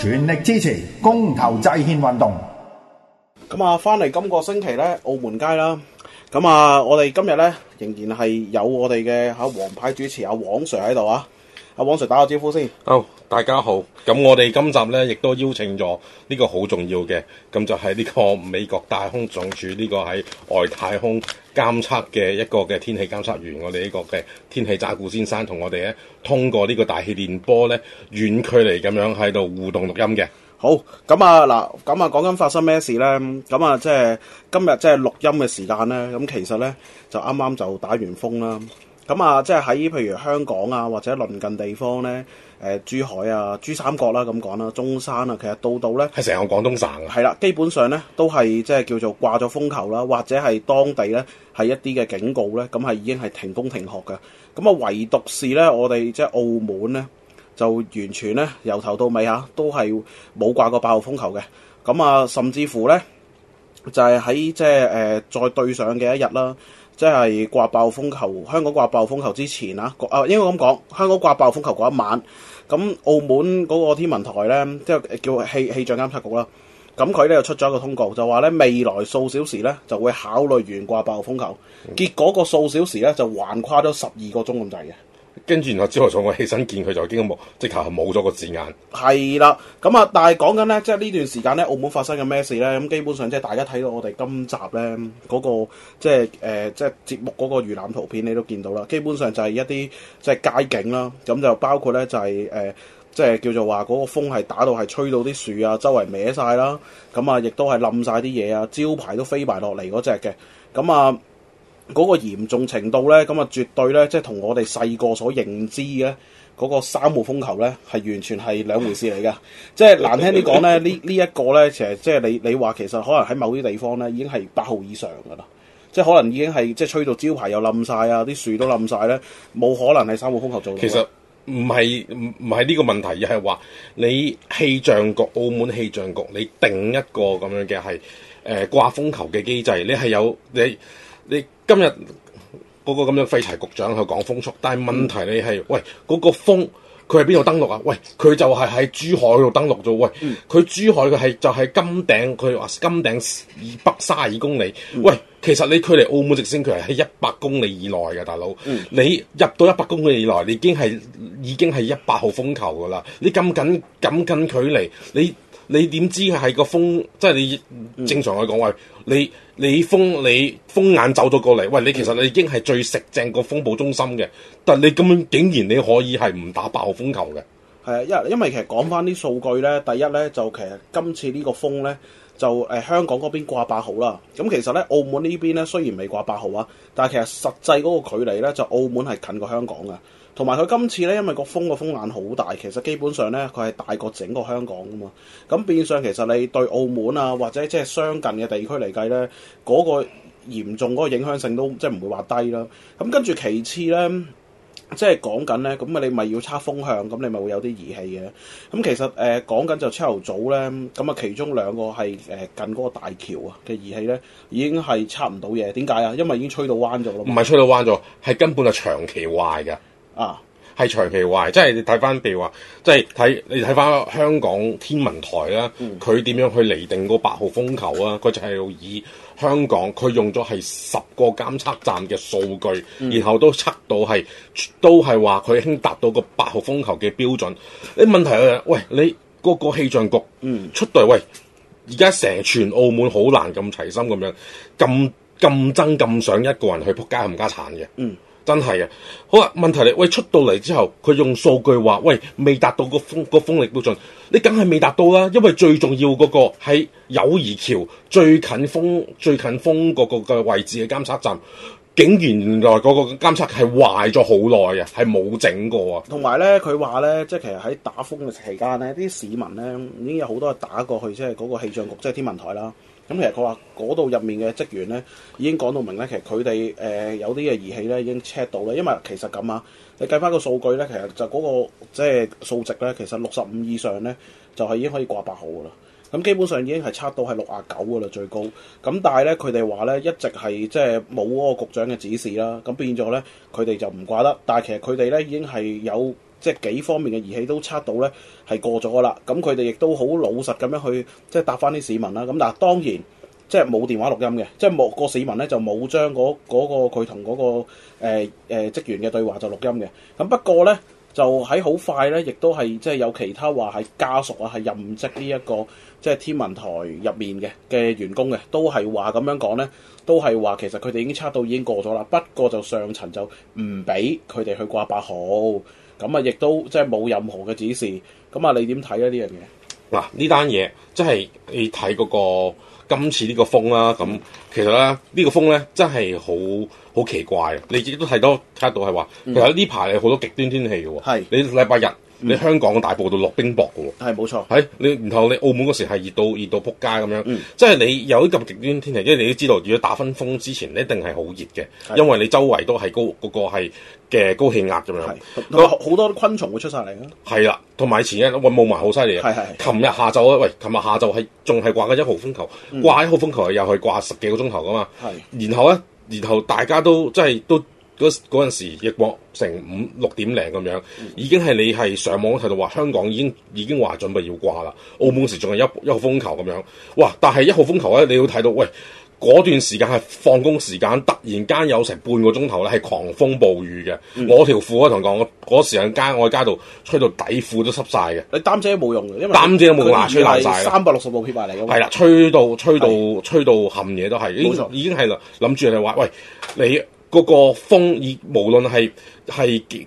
全力支持公投制憲運動。咁啊，翻嚟今個星期咧，澳門街啦。咁啊，我哋今日咧仍然係有我哋嘅，吓，王牌主持阿、啊、黃 Sir 喺度啊。阿黃 Sir 打個招呼先。好，oh, 大家好。咁我哋今集咧，亦都邀請咗呢個好重要嘅，咁就係呢個美國太空總署呢個喺外太空監測嘅一個嘅天氣監測員，我哋呢個嘅天氣渣古先生，同我哋咧通過呢個大氣電波咧遠距離咁樣喺度互動錄音嘅。好，咁啊嗱，咁啊講緊發生咩事咧？咁啊即係今日即係錄音嘅時間咧。咁其實咧就啱啱就打完風啦。咁啊，即係喺譬如香港啊，或者鄰近地方咧，誒珠海啊、珠三角啦咁講啦、中山啊，其實到到咧係成個廣東省啊，係啦，基本上咧都係即係叫做掛咗風球啦，或者係當地咧係一啲嘅警告咧，咁係已經係停工停學嘅。咁啊，唯獨是咧，我哋即係澳門咧，就完全咧由頭到尾嚇、啊、都係冇掛過八號風球嘅。咁啊，甚至乎咧就係、是、喺即係誒、呃、再對上嘅一日啦。即係掛暴風球，香港掛暴風球之前啦，啊應該咁講，香港掛暴風球嗰一晚，咁澳門嗰個天文台咧，即係叫氣氣象監測局啦，咁佢咧就出咗一個通告，就話咧未來數小時咧就會考慮懸掛暴風球，結果個數小時咧就橫跨咗十二個鐘咁滯嘅。跟住然後之後，我起身見佢就已經冇，即係冇咗個字眼。係啦，咁啊，但係講緊咧，即係呢段時間咧，澳門發生嘅咩事咧？咁基本上即係大家睇到我哋今集咧嗰個即係誒即係節目嗰個預覽圖片，你都見到啦。基本上就係、那個呃、一啲即係街景啦，咁就包括咧就係誒即係叫做話嗰個風係打到係吹到啲樹啊周圍歪晒啦，咁啊亦都係冧晒啲嘢啊，招牌都飛埋落嚟嗰隻嘅，咁啊。嗰個嚴重程度咧，咁啊絕對咧，即係同我哋細個所認知嘅嗰個三號風球咧，係完全係兩回事嚟㗎。 即係難聽啲講咧，這個、呢呢一個咧，其實即係你你話其實可能喺某啲地方咧已經係八號以上噶啦，即係可能已經係即係吹到招牌又冧晒啊，啲樹都冧晒咧，冇可能係三號風球做到。其實唔係唔唔係呢個問題，而係話你氣象局、澳門氣象局，你定一個咁樣嘅係誒掛風球嘅機制，你係有你。你你今日嗰個咁樣廢柴局長去講風速，但係問題你係、嗯、喂嗰、嗰個風佢喺邊度登陸啊？喂，佢就係喺珠海度登陸咗。喂，佢、嗯、珠海嘅係就係金頂，佢話金頂以北卅二公里。嗯、喂，其實你距離澳門直升佢係喺一百公里以內嘅，大佬。嗯、你入到一百公里以內，你已經係已經係一百號風球噶啦。你咁近咁近距離，你你點知係個風？即、就、係、是、你正常去講話、嗯、你。你你風你風眼走咗過嚟，喂！你其實你已經係最食正個風暴中心嘅，但係你咁樣竟然你可以係唔打八號風球嘅，係啊！因為因為其實講翻啲數據咧，第一咧就其實今次呢個風咧就誒香港嗰邊掛八號啦，咁、嗯、其實咧澳門呢邊咧雖然未掛八號啊，但係其實實際嗰個距離咧就澳門係近過香港嘅。同埋佢今次咧，因為個風個風眼好大，其實基本上咧，佢係大過整個香港噶嘛。咁變相其實你對澳門啊，或者即係相近嘅地區嚟計咧，嗰、嗰個嚴重嗰個影響性都即係唔會話低啦。咁跟住其次咧，即係講緊咧，咁啊你咪要測風向，咁你咪會有啲儀器嘅。咁其實誒講、呃、緊就朝頭早咧，咁啊其中兩個係誒、呃、近嗰個大橋啊嘅儀器咧，已經係測唔到嘢。點解啊？因為已經吹到彎咗咯。唔係吹到彎咗，係根本就長期壞㗎。啊，係長期壞，即係你睇翻，譬如話，即係睇你睇翻香港天文台啦，佢點、嗯、樣去釐定個八號風球啊？佢就係以香港，佢用咗係十個監測站嘅數據，然後都測到係、嗯、都係話佢已經達到個八號風球嘅標準。你問題係，喂，你個個氣象局、嗯、出到嚟，而家成全澳門好難咁齊心咁樣，咁咁爭咁想一個人去撲街冚家鏟嘅。嗯真係啊！好啦，問題嚟，喂，出到嚟之後，佢用數據話，喂，未達到個風個風力標準，你梗係未達到啦，因為最重要嗰個喺友誼橋最近風最近風嗰個嘅位置嘅監測站，竟然原來嗰個監測係壞咗好耐啊，係冇整過啊！同埋咧，佢話咧，即係其實喺打風嘅期間咧，啲市民咧已經有好多人打過去，即係嗰個氣象局，即係天文台啦。咁其實佢話嗰度入面嘅職員咧，已經講到明咧。其實佢哋誒有啲嘅儀器咧已經 check 到咧，因為其實咁啊，你計翻個數據咧，其實就嗰個即係數值咧，其實六十五以上咧就係已經可以掛八號噶啦。咁基本上已經係測到係六十九噶啦，最高。咁但係咧，佢哋話咧一直係即係冇嗰個局長嘅指示啦，咁變咗咧佢哋就唔掛得。但係其實佢哋咧已經係有。即係幾方面嘅儀器都測到咧，係過咗噶啦。咁佢哋亦都好老實咁樣去，即係答翻啲市民啦。咁嗱，當然即係冇電話錄音嘅，即係冇個市民咧就冇將嗰個佢同嗰個誒誒、那個呃呃、職員嘅對話就錄音嘅。咁不過咧，就喺好快咧，亦都係即係有其他話係家屬啊，係任職呢、這、一個即係天文台入面嘅嘅員工嘅，都係話咁樣講咧，都係話其實佢哋已經測到已經過咗啦。不過就上層就唔俾佢哋去掛八號。咁啊，亦都即係冇任何嘅指示。咁啊，你點睇啊呢樣嘢？嗱，呢單嘢即係你睇嗰個今次呢個風啦。咁其實咧，呢個風咧真係好好奇怪啊，你自己都睇到睇到係話，其實呢排、這個嗯、有好多極端天氣嘅喎。是你禮拜日。你香港嘅大埔度落冰雹嘅喎，係冇錯。喺你，然後你澳門嗰時係熱到熱到撲街咁樣，即係你有啲咁極端天氣，因為你都知道，如果打風之前一定係好熱嘅，因為你周圍都係高嗰個係嘅高氣壓咁樣，好多昆蟲會出晒嚟啊。係啦，同埋前日喂霧霾好犀利啊，係，琴日下晝啊，喂，琴日下晝係仲係掛緊一號風球，掛一號風球又去掛十幾個鐘頭噶嘛，係。然後咧，然後大家都即係都。嗰嗰陣時，亦過成五六點零咁樣，已經係你係上網睇到話香港已經已經話準備要掛啦。澳門時仲係一,一號風球咁樣，哇！但係一號風球咧，你要睇到，喂，嗰段時間係放工時間，突然間有成半個鐘頭咧係狂風暴雨嘅。嗯、我條褲啊，同你講，我嗰時喺街，我喺街度吹到底褲都濕晒嘅。你擔遮冇用嘅，因為擔遮都冇拿吹爛晒，三百六十度撇埋嚟。係啦，吹到的吹到吹到冚嘢都係，已經已經係啦，諗住你話，喂，你。你嗰個風，以無論係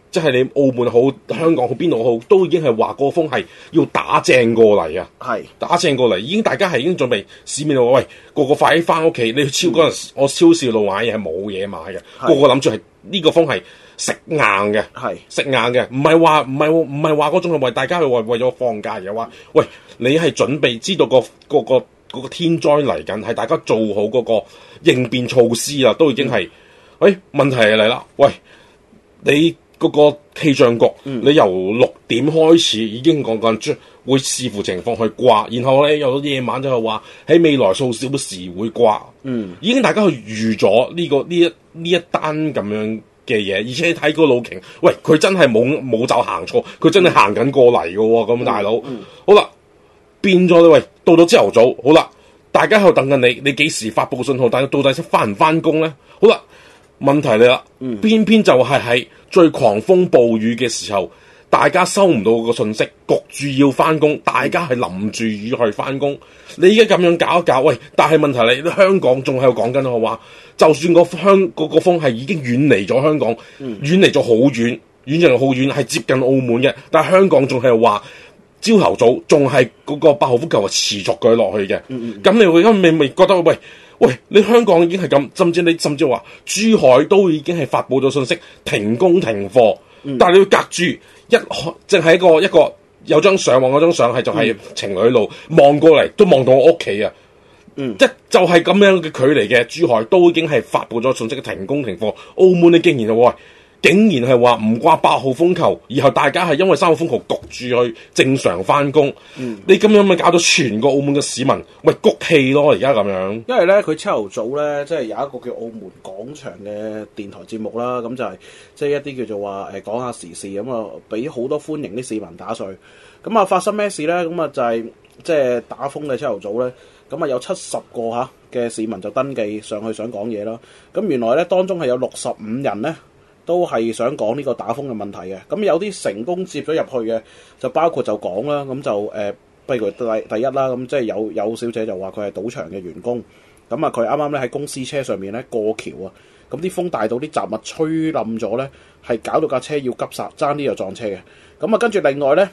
即係你澳門好、香港好、邊度好，都已經係話個風係要打正過嚟啊！係是打正過嚟，已經大家係已經準備市面度喂，個個快啲翻屋企。你超嗰日、嗯、我超市度買嘢係冇嘢買嘅，是個個諗住係呢個風係食硬嘅，食是硬嘅，唔係話唔係唔係話嗰種係為大家係為為咗放假嘅話，喂，你係準備知道、嗰個嗰、嗰個、嗰個嗰個天災嚟緊，係大家做好嗰個應變措施啊，都已經係。嗯喂、哎，問題嚟啦！喂，你嗰個氣象局，嗯、你由六點開始已經講緊，會視乎情況去掛，然後咧又到夜晚就話喺未來數小時會掛，嗯，已經大家去預咗呢個呢一呢一單咁樣嘅嘢，而且睇個路徑，喂，佢真係冇冇走行錯，佢真係行緊過嚟噶，咁、嗯、大佬，嗯嗯、好啦，變咗你。喂，到到朝頭早，好啦，大家喺度等緊你，你幾時發布信號？但係到底識翻唔翻工咧？好啦。問題嚟啦，嗯、偏偏就係喺最狂風暴雨嘅時候，大家收唔到個訊息，焗住要翻工，大家係淋住雨去翻工。你而家咁樣搞一搞，喂！但係問題嚟，香港仲喺度講緊話，就算個香個個風係、那個、已經遠離咗香港，遠離咗好遠，遠離好遠，係接近澳門嘅，但係香港仲係話。朝頭早仲係嗰個八號風球啊，持續舉落去嘅。咁、嗯嗯、你我而家咪咪覺得喂喂，你香港已經係咁，甚至你甚至話珠海都已經係發布咗信息停工停課。嗯、但係你要隔住一淨係一個一個有一張相望嗰張相係就係情侶路望、嗯、過嚟都望到我屋企啊！即、嗯、就係咁樣嘅距離嘅，珠海都已經係發布咗信息停工停課，澳門你竟然就喂？竟然係話唔掛八號風球，然後大家係因為三號風球焗住去正常翻工，嗯、你咁樣咪搞到全個澳門嘅市民咪谷氣咯？而家咁樣，因為呢，佢朝頭早呢，即、就、係、是、有一個叫澳門廣場嘅電台節目啦。咁就係即係一啲叫做話誒、呃、講下時事咁啊，俾、嗯、好多歡迎啲市民打碎咁啊、嗯。發生咩事呢？咁、嗯、啊就係、是、即係打風嘅朝頭早呢。咁、嗯、啊有七十個嚇嘅市民就登記上去想講嘢咯。咁、嗯、原來呢，當中係有六十五人呢。都係想講呢個打風嘅問題嘅，咁有啲成功接咗入去嘅，就包括就講啦，咁就誒，不如第第一啦，咁即係有有小姐就話佢係賭場嘅員工，咁啊佢啱啱咧喺公司車上面咧過橋啊，咁啲風大到啲雜物吹冧咗咧，係搞到架車要急剎，爭啲又撞車嘅，咁啊跟住另外咧。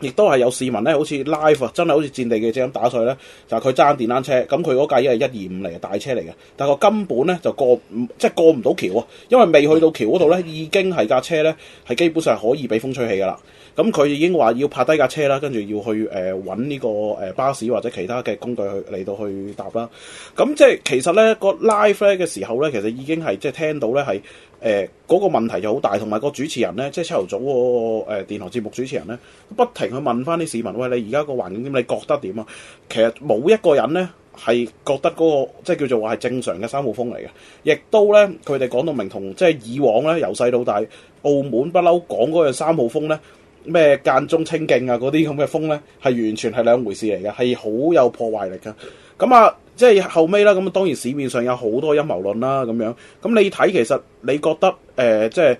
亦都係有市民咧，好似 live 啊，真係好似戰地記者咁打上去咧，就係佢揸電單車，咁佢嗰架已係一二五嚟嘅大車嚟嘅，但係個根本咧就過，即係過唔到橋啊！因為未去到橋嗰度咧，已經係架車咧係基本上係可以俾風吹起噶啦。咁佢已經話要拍低架車啦，跟住要去誒揾呢個誒巴士或者其他嘅工具去嚟到去搭啦。咁即係其實咧個 live 咧嘅時候咧，其實已經係即係聽到咧係。誒嗰、呃那個問題就好大，同埋個主持人咧，即係朝頭早嗰個誒、呃、電台節目主持人咧，不停去問翻啲市民：喂，你而家個環境點？你覺得點啊？其實冇一個人咧係覺得嗰、那個即係叫做話係正常嘅三號風嚟嘅，亦都咧佢哋講到明同即係以往咧由細到大，澳門不嬲講嗰樣三號風咧，咩間中清勁啊嗰啲咁嘅風咧，係完全係兩回事嚟嘅，係好有破壞力㗎。咁啊！即係後尾啦，咁當然市面上有好多陰謀論啦，咁樣。咁你睇其實你覺得誒、呃，即係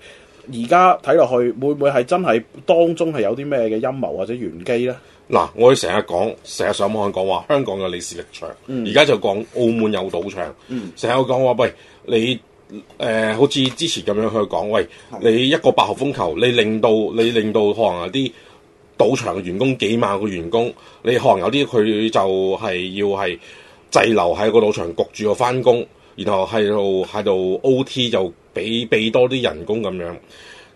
而家睇落去會唔會係真係當中係有啲咩嘅陰謀或者玄機咧？嗱，我哋成日講，成日上網講話香港嘅李氏力場，而家就講澳門有賭場，成日講話喂你誒、呃，好似之前咁樣去講，喂你一個八號風球，你令到你令到可能有啲賭場嘅員工幾萬個員工，你可能有啲佢就係要係。滯留喺個老場焗住又翻工，然後喺度喺度 OT 就俾俾多啲人工咁樣，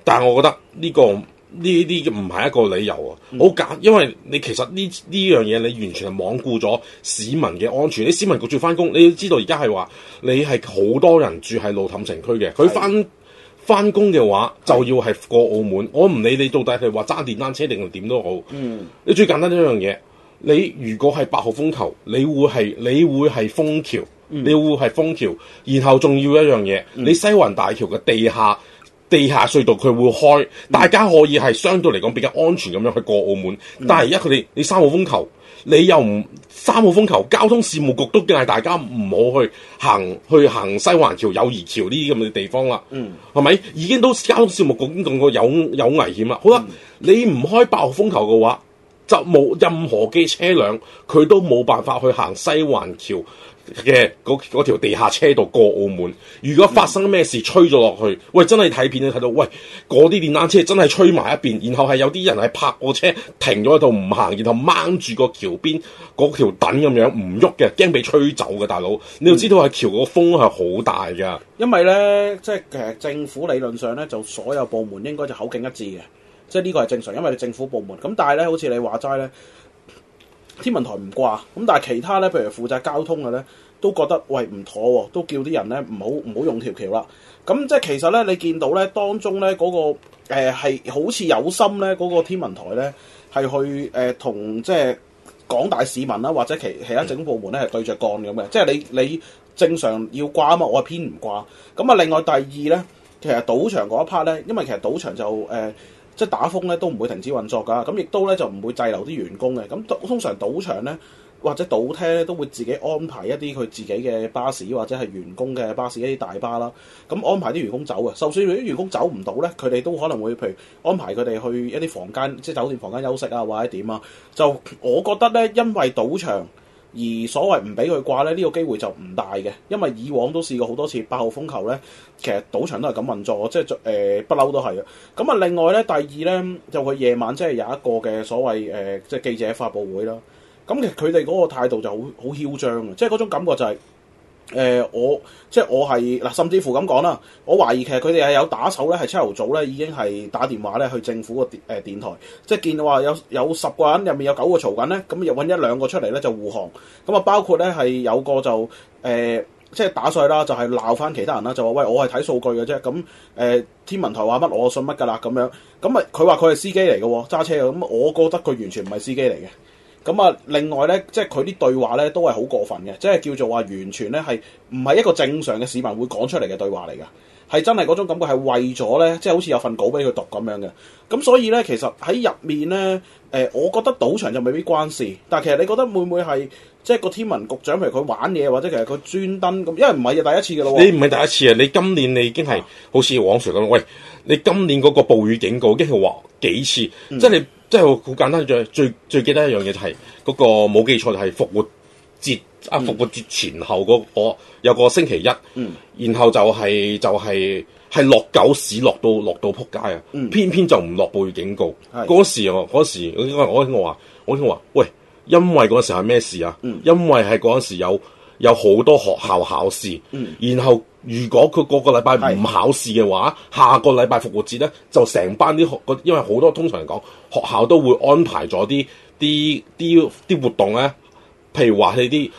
但係我覺得呢、呢個呢啲唔係一個理由啊！好簡、嗯，因為你其實呢呢樣嘢你完全係罔顧咗市民嘅安全。你市民焗住翻工，你要知道而家係話你係好多人住喺路氹城區嘅，佢翻翻工嘅話就要係過澳門。我唔理你到底係話揸電單車定係點都好，嗯，你最簡單呢樣嘢。你如果係八號風球，你會係你會係封橋，你會係封橋，然後仲要一樣嘢，嗯、你西灣大橋嘅地下地下隧道佢會開，嗯、大家可以係相對嚟講比較安全咁樣去過澳門。嗯、但係而家佢哋你三號風球，你又唔三號風球，交通事務局都定嗌大家唔好去行去行西灣橋、友誼橋呢啲咁嘅地方啦，啊。嗯，係咪？已經都交通事務局已經講過有有危險啦。好啦，嗯、你唔開八號風球嘅話，就冇任何嘅車輛，佢都冇辦法去行西環橋嘅嗰條地下車道過澳門。如果發生咩事吹咗落去，喂，真係睇片就睇到，喂，嗰啲電單車真係吹埋一邊，然後係有啲人係泊個車停咗喺度唔行，然後掹住個橋邊嗰條墩咁樣唔喐嘅，驚被吹走嘅大佬。你要知道係、嗯、橋個風係好大㗎，因為呢，即係其實政府理論上呢，就所有部門應該就口徑一致嘅。即係呢個係正常，因為政府部門咁，但係咧，好似你話齋咧，天文台唔掛咁，但係其他咧，譬如負責交通嘅咧，都覺得喂唔妥喎、啊，都叫啲人咧唔好唔好用條橋啦。咁、嗯、即係其實咧，你見到咧，當中咧嗰、那個誒係、呃、好似有心咧嗰、那個天文台咧係去誒、呃、同即係廣大市民啦，或者其其他政府部門咧係對着槓咁嘅。即係你你正常要掛啊嘛，我係偏唔掛咁啊。另外第二咧，其實賭場嗰一 part 咧，因為其實賭場就誒。呃。即係打風咧，都唔會停止運作㗎。咁亦都咧就唔會滯留啲員工嘅。咁通常賭場咧或者賭廳咧都會自己安排一啲佢自己嘅巴士或者係員工嘅巴士一啲大巴啦。咁、嗯、安排啲員工走啊，就算啲員工走唔到咧，佢哋都可能會譬如安排佢哋去一啲房間，即係酒店房間休息啊，或者點啊。就我覺得咧，因為賭場。而所謂唔俾佢掛咧，呢、這個機會就唔大嘅，因為以往都試過好多次八號風球咧，其實賭場都係咁運作，即係誒不嬲都係嘅。咁啊，另外咧，第二咧就佢夜晚即係有一個嘅所謂誒、呃，即係記者發佈會啦。咁其實佢哋嗰個態度就好好囂張嘅，即係嗰種感覺就係、是。誒、呃、我即係我係嗱，甚至乎咁講啦，我懷疑其實佢哋係有打手咧，係七號早咧已經係打電話咧去政府個誒電台，即係見到話有有十個人入面有九個嘈緊咧，咁、嗯、又揾一兩個出嚟咧就護航，咁、嗯、啊包括咧係有個就誒、呃、即係打碎啦，就係鬧翻其他人啦，就話喂我係睇數據嘅啫，咁、嗯、誒、嗯、天文台話乜我信乜噶啦咁樣，咁啊佢話佢係司機嚟嘅喎揸車嘅，咁、嗯、我覺得佢完全唔係司機嚟嘅。咁啊，另外咧，即係佢啲對話咧，都係好過分嘅，即係叫做話完全咧係唔係一個正常嘅市民會講出嚟嘅對話嚟㗎，係真係嗰種感覺係為咗咧，即係好似有份稿俾佢讀咁樣嘅。咁所以咧，其實喺入面咧，誒、呃，我覺得賭場就未必關事，但係其實你覺得會唔會係？即係個天文局長，譬如佢玩嘢，或者其實佢專登咁，因為唔係嘅第一次嘅咯。你唔係第一次啊！你今年你已經係、啊、好似往常咁。喂，你今年嗰個暴雨警告，跟住話幾次？即係、嗯，即係好簡單。最最最記得一樣嘢就係嗰個冇記錯就係復活節啊！復活節前後嗰個、嗯、有個星期一，嗯、然後就係就係係落狗屎落到落到扑街啊！嗯、偏偏就唔落暴雨警告。嗰時我嗰時我我我話我話喂。因為嗰時係咩事啊？嗯、因為係嗰陣時有有好多學校考試，嗯、然後如果佢個個禮拜唔考試嘅話，是的 下個禮拜復活節咧就成班啲學因為好多通常嚟講學校都會安排咗啲啲啲啲活動咧，譬如話係啲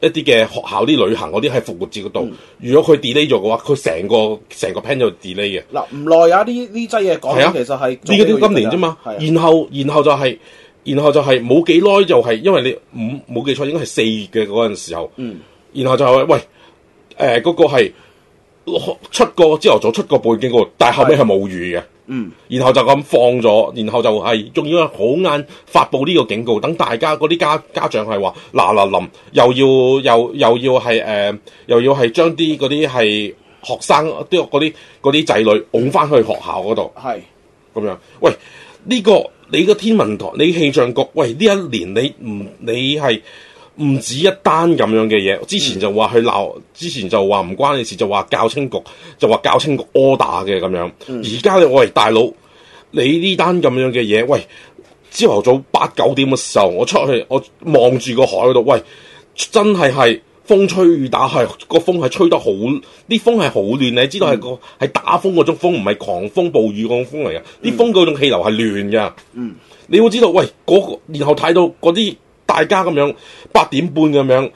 一啲嘅學校啲旅行嗰啲喺復活節嗰度，嗯、如果佢 delay 咗嘅話，佢成個成個 plan 就 delay 嘅。嗱唔耐啊！呢呢劑嘢講其實係呢個今年啫嘛。然後，然後，然後然後就係、是。然後就係冇幾耐就係、是，因為你唔冇記錯應該係四月嘅嗰陣時候。嗯。然後就係、是、喂，誒嗰個係出過朝頭早出個報警告，但係後尾係冇雨嘅。嗯。然後就咁放咗，然後就係仲要好晏發布呢個警告，等大家嗰啲家家長係話嗱嗱臨，又要又又要係誒，又要係、呃、將啲嗰啲係學生啲嗰啲嗰啲仔女㧬翻去學校嗰度。係是。咁樣，喂呢、這個。你個天文台，你氣象局，喂，呢一年你唔你係唔止一單咁樣嘅嘢。之前就話去鬧，之前就話唔關你事，就話教青局，就話教青局柯打嘅咁樣。而家你喂大佬，你呢單咁樣嘅嘢，喂，朝頭早八九點嘅時候，我出去，我望住個海度，喂，真係係。風吹雨打係個風係吹得好，啲風係好亂、嗯、你知道係個係打風嗰種風，唔係狂風暴雨嗰種風嚟嘅。啲、嗯、風嗰種氣流係亂嘅。嗯，你會知道，喂、嗰個、然後睇到嗰啲大家咁樣八點半咁樣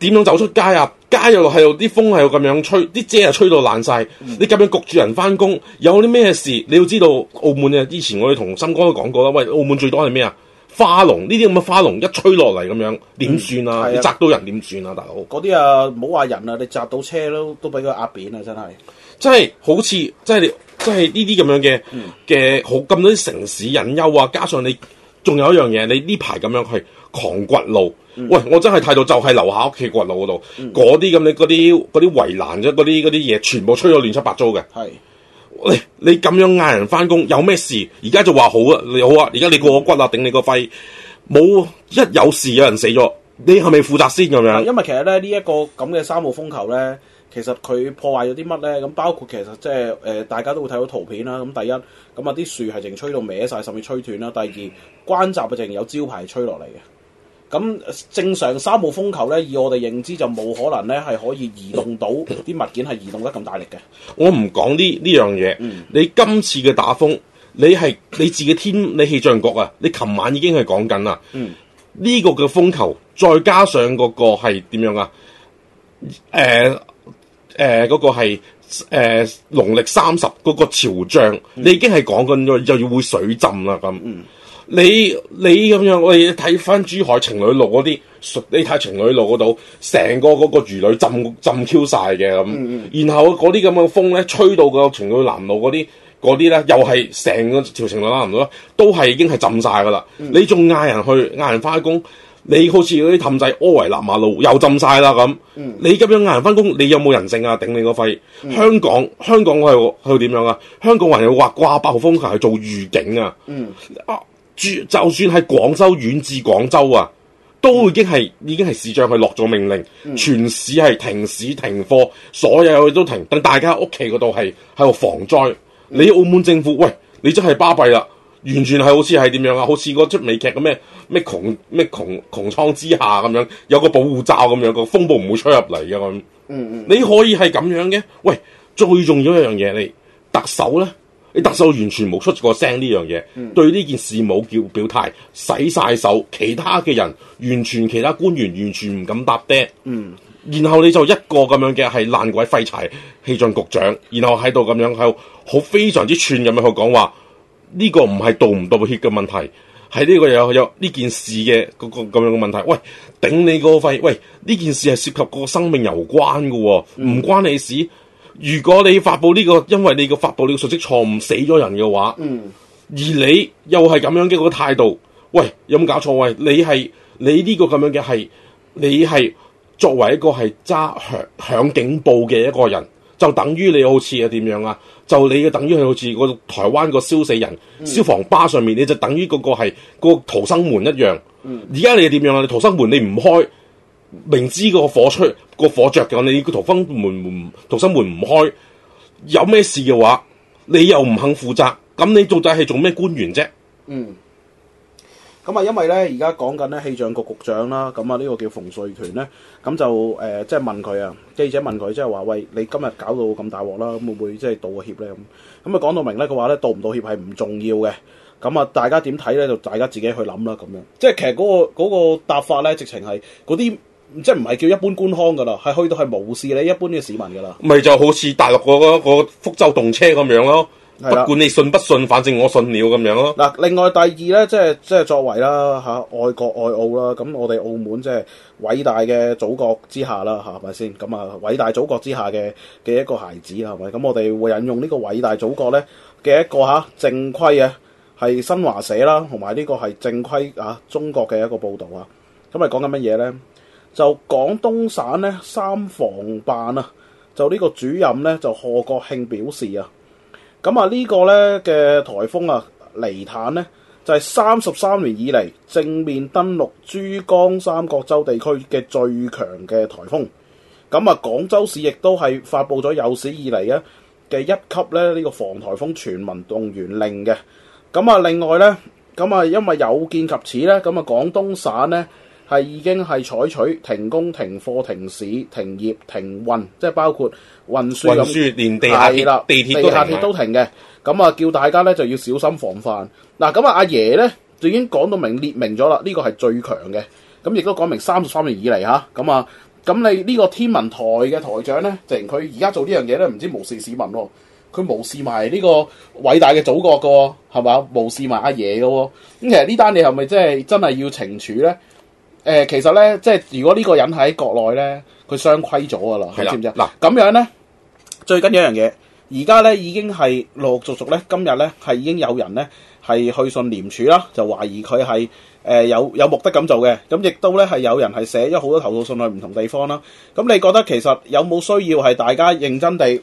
點樣走出街啊？街又嚟係有啲風係咁樣吹，啲遮又吹到爛晒。嗯、你咁樣焗住人返工，有啲咩事？你要知道澳門啊，以前我哋同森哥都講過啦。喂，澳門最多係咩啊？花籠呢啲咁嘅花籠一吹落嚟咁樣點算啊？你砸到人點算啊？大佬嗰啲啊，冇話人啦，你砸到車都都俾佢壓扁啊！真係，真係、嗯、好似真係真係呢啲咁樣嘅嘅好咁多啲城市隱憂啊！加上你仲有一樣嘢，你呢排咁樣係狂掘路，嗯、喂，我真係睇到就係樓下屋企掘路嗰度，嗰啲咁你嗰啲啲圍欄咗，嗰啲啲嘢全部吹咗亂七八糟嘅，係。你你咁樣嗌人翻工有咩事？而家就話好啊，你好啊，而家你過我骨啊，頂你個肺！冇一有事有人死咗，你係咪負責先咁樣？因為其實咧呢一個咁嘅三號風球咧，其實佢破壞咗啲乜咧？咁包括其實即係誒，大家都會睇到圖片啦。咁第一，咁啊啲樹係淨吹到歪晒，甚至吹斷啦。第二，關閘嘅淨有招牌吹落嚟嘅。咁正常三號風球咧，以我哋認知就冇可能咧係可以移動到啲 物件係移動得咁大力嘅。我唔講呢呢樣嘢。嗯、你今次嘅打風，你係你自己天，你氣象局啊，你琴晚已經係講緊啦。呢、嗯、個嘅風球，再加上嗰個係點樣啊？誒誒嗰個係誒農曆三十嗰個潮漲，嗯、你已經係講緊又要會水浸啦咁。你你咁樣，我哋睇翻珠海情侶路嗰啲，你睇情侶路嗰度，成個嗰個漁女浸浸 Q 曬嘅咁。Mm hmm. 然後嗰啲咁嘅風咧，吹到個情侶南路嗰啲嗰啲咧，又係成個條情侶南路咧，都係已經係浸晒噶啦。Mm hmm. 你仲嗌人去嗌人翻工，你好似嗰啲氹仔柯維納馬路又浸晒啦咁。Mm hmm. 你咁樣嗌人翻工，你有冇人性啊？頂你個肺、mm hmm. 香！香港香港我係去點樣啊？香港人要話掛八號風球係做預警啊！嗯、mm。Hmm. 就算喺廣州遠至廣州啊，都已經係已經係市長係落咗命令，嗯、全市係停市停貨，所有嘢都停，等大家喺屋企嗰度係喺度防災。嗯、你澳門政府，喂，你真係巴閉啦，完全係好似係點樣啊？好似個出美劇咁咩咩窮咩窮，窮窮倉之下咁樣，有個保護罩咁樣，個風暴唔會吹入嚟嘅咁。嗯嗯，你可以係咁樣嘅。喂，最重要一樣嘢嚟，特首咧。你特首完全冇出過聲呢樣嘢，對呢件事冇叫、嗯、表態洗晒手。其他嘅人完全其他官員完全唔敢搭爹。嗯，然後你就一個咁樣嘅係爛鬼廢柴氣象局長，然後喺度咁樣係好非常之串咁樣去講話。呢、呢個唔係道唔道歉嘅問題，係呢個有有呢件事嘅嗰個咁樣嘅問題。喂，頂你個肺！喂，呢件事係涉及個生命攸關嘅，唔、嗯、關你事。如果你發布呢、呢個，因為你發佈個發布呢個信息錯誤死咗人嘅話，嗯，而你又係咁樣嘅、嗰個態度，喂，有冇搞錯喂？你係你呢個咁樣嘅係，你係作為一個係揸響響警報嘅一個人，就等於你好似係點樣啊？就你嘅等於係好似個台灣個燒死人、嗯、消防巴上面，你就等於嗰個係個逃生門一樣。而家、嗯、你係點樣啊？逃生門你唔開。明知個火出個火着嘅，你個通風門門通風門唔開，有咩事嘅話，你又唔肯負責，咁你到底係做咩官員啫？嗯，咁啊，因為咧而家講緊咧氣象局局長啦，咁啊呢個叫馮瑞權咧，咁就誒即係問佢啊，記者問佢，即係話喂，你今日搞到咁大鑊啦，會唔會即係道個歉咧？咁咁啊講到明咧，佢話咧，道唔道歉係唔重要嘅，咁啊大家點睇咧？就大家自己去諗啦，咁樣，即係其實嗰、嗰個、嗰個答法咧，直情係啲。即係唔係叫一般官腔噶啦，係去到係無視你一般嘅市民噶啦，咪就好似大陸嗰個福州動車咁樣咯。係啦的，不管你信不信，反正我信了咁樣咯。嗱，另外第二咧，即係即係作為啦吓、啊、愛國愛澳啦，咁我哋澳門即係偉大嘅祖國之下啦，吓係咪先咁啊？偉大祖國之下嘅嘅一個孩子係咪咁？我哋會引用呢個偉大祖國咧嘅一個吓正規啊，係新華社啦，同埋呢個係正規啊中國嘅一個報道啊。咁係講緊乜嘢咧？就廣東省呢三防辦啊，就呢個主任呢，就何國慶表示啊，咁啊呢個呢嘅颱風啊尼妲呢，就係三十三年以嚟正面登陸珠江三角洲地區嘅最強嘅颱風，咁啊廣州市亦都係發布咗有史以嚟啊嘅一級咧呢呢個防颱風全民動員令嘅，咁啊另外呢，咁啊因為有見及此呢，咁啊廣東省呢。係已經係採取停工、停課、停市、停業、停運，即係包括運輸咁，係啦，地下鐵都停嘅。咁啊，叫大家咧就要小心防範。嗱，咁啊，阿、啊、爺咧就已經講到明列明咗啦，呢個係最強嘅。咁亦都講明三十三年以嚟吓，咁啊，咁你呢個天文台嘅台長咧，既然佢而家做呢樣嘢咧，唔知無視市民咯，佢無視埋呢個偉大嘅祖國嘅，係嘛？無視埋阿、啊、爺嘅。咁其實呢單你係咪真係真係要懲處咧？誒、呃，其實咧，即係如果呢個人喺國內咧，佢雙規咗噶啦，知唔知啊？嗱，咁喏樣咧，最緊要一樣嘢，而家咧已經係陸陸續續咧，今日咧係已經有人咧係去信廉署啦，就懷疑佢係誒有有目的咁做嘅，咁亦都咧係有人係寫咗好多投訴信去唔同地方啦。咁你覺得其實有冇需要係大家認真地去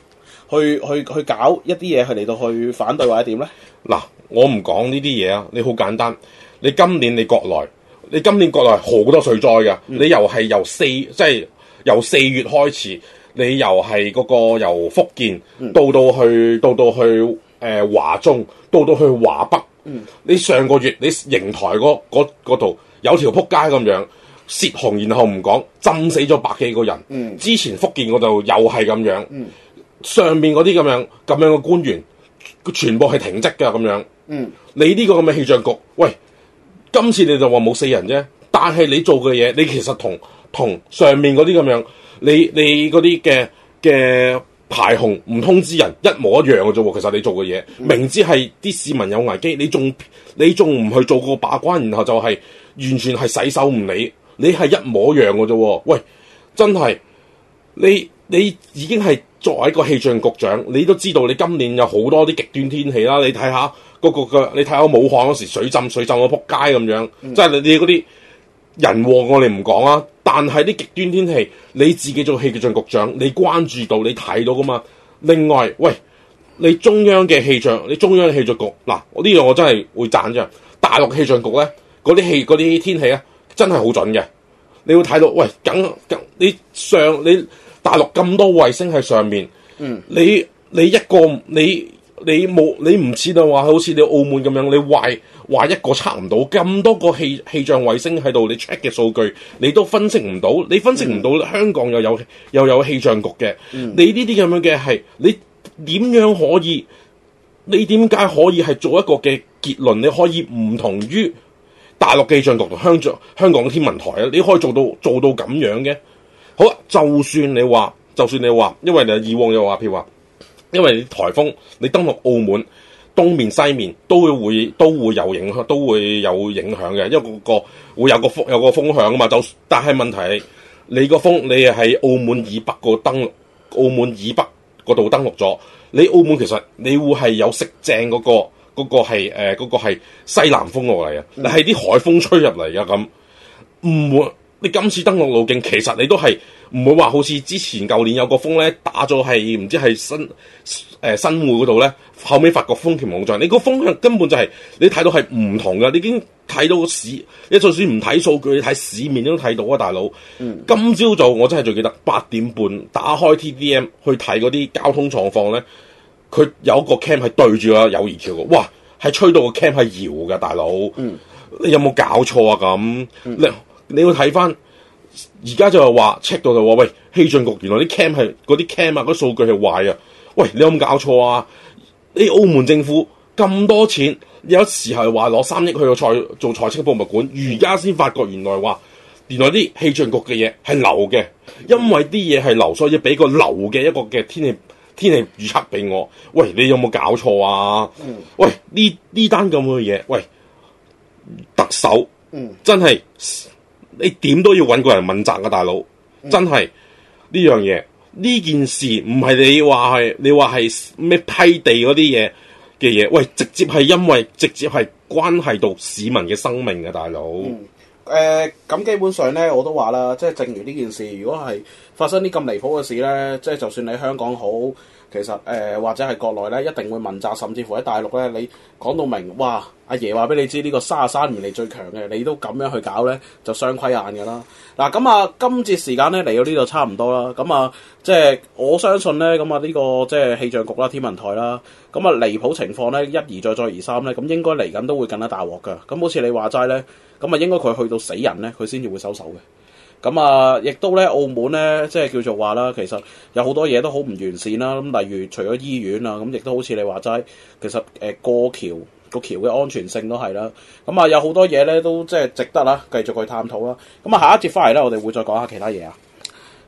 去去，去搞一啲嘢去嚟到去反對或者點咧？嗱，我唔講呢啲嘢啊，你好簡單，你今年你國內。你今年國內好多水災嘅，嗯、你又係由四即係、就是、由四月開始，你由係嗰個由福建到到去、嗯、到到去誒、呃、華中，到到去華北。嗯、你上個月你邢台嗰度有條撲街咁樣泄洪，涉紅然後唔講浸死咗百幾個人。嗯、之前福建嗰度又係咁樣，嗯、上面嗰啲咁樣咁樣嘅官員，全部係停職嘅咁樣。你呢個咁嘅氣象局，喂？今次你就話冇死人啫，但係你做嘅嘢，你其實同同上面啲咁樣，你你啲嘅嘅排洪唔通知人一模一樣嘅啫，其實你做嘅嘢，明知係啲市民有危機，你仲你仲唔去做個把關，然後就係、是、完全係洗手唔理，你係一模一樣嘅啫，喂，真係，你你已經係。作為一個氣象局長，你都知道你今年有好多啲極端天氣啦。你睇下嗰個嘅，你睇下武漢嗰時水浸水浸到仆街咁樣，mm. 即係你嗰啲人禍我哋唔講啊。但係啲極端天氣，你自己做氣象局長，你關注到，你睇到噶嘛？另外，喂，你中央嘅氣象，你中央氣象局嗱，呢樣我真係會讚啫。大陸氣象局咧，嗰啲氣嗰啲天氣啊，真係好準嘅。你會睇到，喂，緊緊你上你。大陸咁多衛星喺上面，嗯、你你一個你你冇你唔似到話好似你澳門咁樣，你壞壞一個測唔到咁多個氣氣象衛星喺度，你 check 嘅數據你都分析唔到，你分析唔到、嗯、香港又有又有氣象局嘅、嗯，你呢啲咁樣嘅係你點樣可以？你點解可以係做一個嘅結論？你可以唔同於大陸氣象局同香港香港天文台啊？你可以做到做到咁樣嘅？好啊！就算你話，就算你話，因為你以往又話，譬如話，因為你颱風你登陸澳門，東面西面都會會都會有影響，都會有影響嘅，因為個個會有個風有個風向啊嘛。就但係問題，你個風你係澳門以北個登澳門以北嗰度登陸咗，你澳門其實你會係有食正嗰、嗰個嗰、嗰個係誒嗰個係西南風落嚟啊，係啲、嗯、海風吹入嚟噶咁，唔會。你今次登陸路徑其實你都係唔會話好似之前舊年有個風咧打咗係唔知係新誒、呃、新會嗰度咧，後尾發覺個風全部冇咗，你個風向根本就係、是、你睇到係唔同嘅，你已經睇到市。你就算唔睇數據，你睇市面都睇到啊，大佬。嗯、今朝早我真係最記得八點半打開 T D M 去睇嗰啲交通狀況咧，佢有一個 cam 係對住個友誼橋嘅，哇，係吹到個 cam 係搖嘅，大佬。嗯、你有冇搞錯啊？咁，嗯你要睇翻，而家就係話 check 到就話喂氣象局原來啲 cam 係嗰啲 cam 啊嗰啲數據係壞啊！喂，你有冇搞錯啊？啲澳門政府咁多錢，有時係話攞三億去個財做財政博物館，而家先發覺原來話原來啲氣象局嘅嘢係流嘅，因為啲嘢係流，所以俾個流嘅一個嘅天氣天氣預測俾我。喂，你有冇搞錯啊？嗯。喂，這這？喂，呢呢單咁嘅嘢，喂特首，嗯，真係。你點都要揾個人問責嘅、啊、大佬，嗯、真係呢樣嘢，呢件事唔係你話係你話係咩批地嗰啲嘢嘅嘢，喂，直接係因為直接係關係到市民嘅生命嘅、啊、大佬。誒、嗯，咁、呃、基本上咧，我都話啦，即、就、係、是、正如呢件事，如果係發生啲咁離譜嘅事咧，即、就、係、是、就算你喺香港好。其實誒、呃，或者係國內咧，一定會問責，甚至乎喺大陸咧，你講到明，哇，阿爺話俾你知呢、這個卅三年嚟最強嘅，你都咁樣去搞咧，就雙虧眼噶啦。嗱，咁啊，今節時間咧嚟到呢度差唔多啦。咁啊，即係我相信咧，咁啊呢個即係氣象局啦、天文台啦，咁啊離譜情況咧一而再、再而三咧，咁應該嚟緊都會更加大鑊噶。咁好似你話齋咧，咁啊應該佢去到死人咧，佢先至會收手嘅。咁啊，亦都咧，澳門咧，即係叫做話啦，其實有好多嘢都好唔完善啦。咁例如，除咗醫院啊，咁亦都好似你話齋，其實誒過橋，個橋嘅安全性都係啦。咁啊，有好多嘢咧，都即係值得啦，繼續去探討啦。咁啊，下一節翻嚟咧，我哋會再講下其他嘢啊。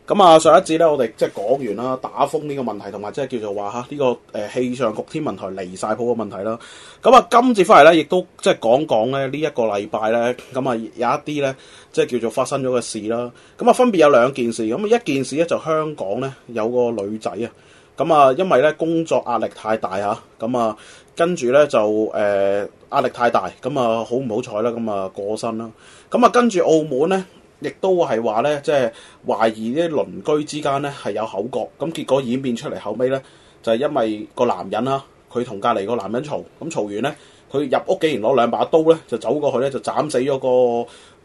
咁啊，上一節咧，我哋即係講完啦，打風呢個問題同埋即係叫做話嚇呢個誒氣象局天文台離晒譜嘅問題啦。咁啊，今節翻嚟咧，亦都即係講講咧呢一個禮拜咧，咁啊有一啲咧即係叫做發生咗嘅事啦。咁啊，分別有兩件事。咁啊，一件事咧就香港咧有個女仔啊。咁啊，因為咧工作壓力太大嚇，咁啊跟住咧就誒、呃、壓力太大，咁啊好唔好彩啦，咁啊過身啦。咁啊，跟住澳門咧。亦都係話咧，即係懷疑啲鄰居之間咧係有口角，咁結果演變出嚟後尾咧，就係因為個男人啦，佢同隔離個男人嘈，咁嘈完咧，佢入屋竟然攞兩把刀咧，就走過去咧就斬死咗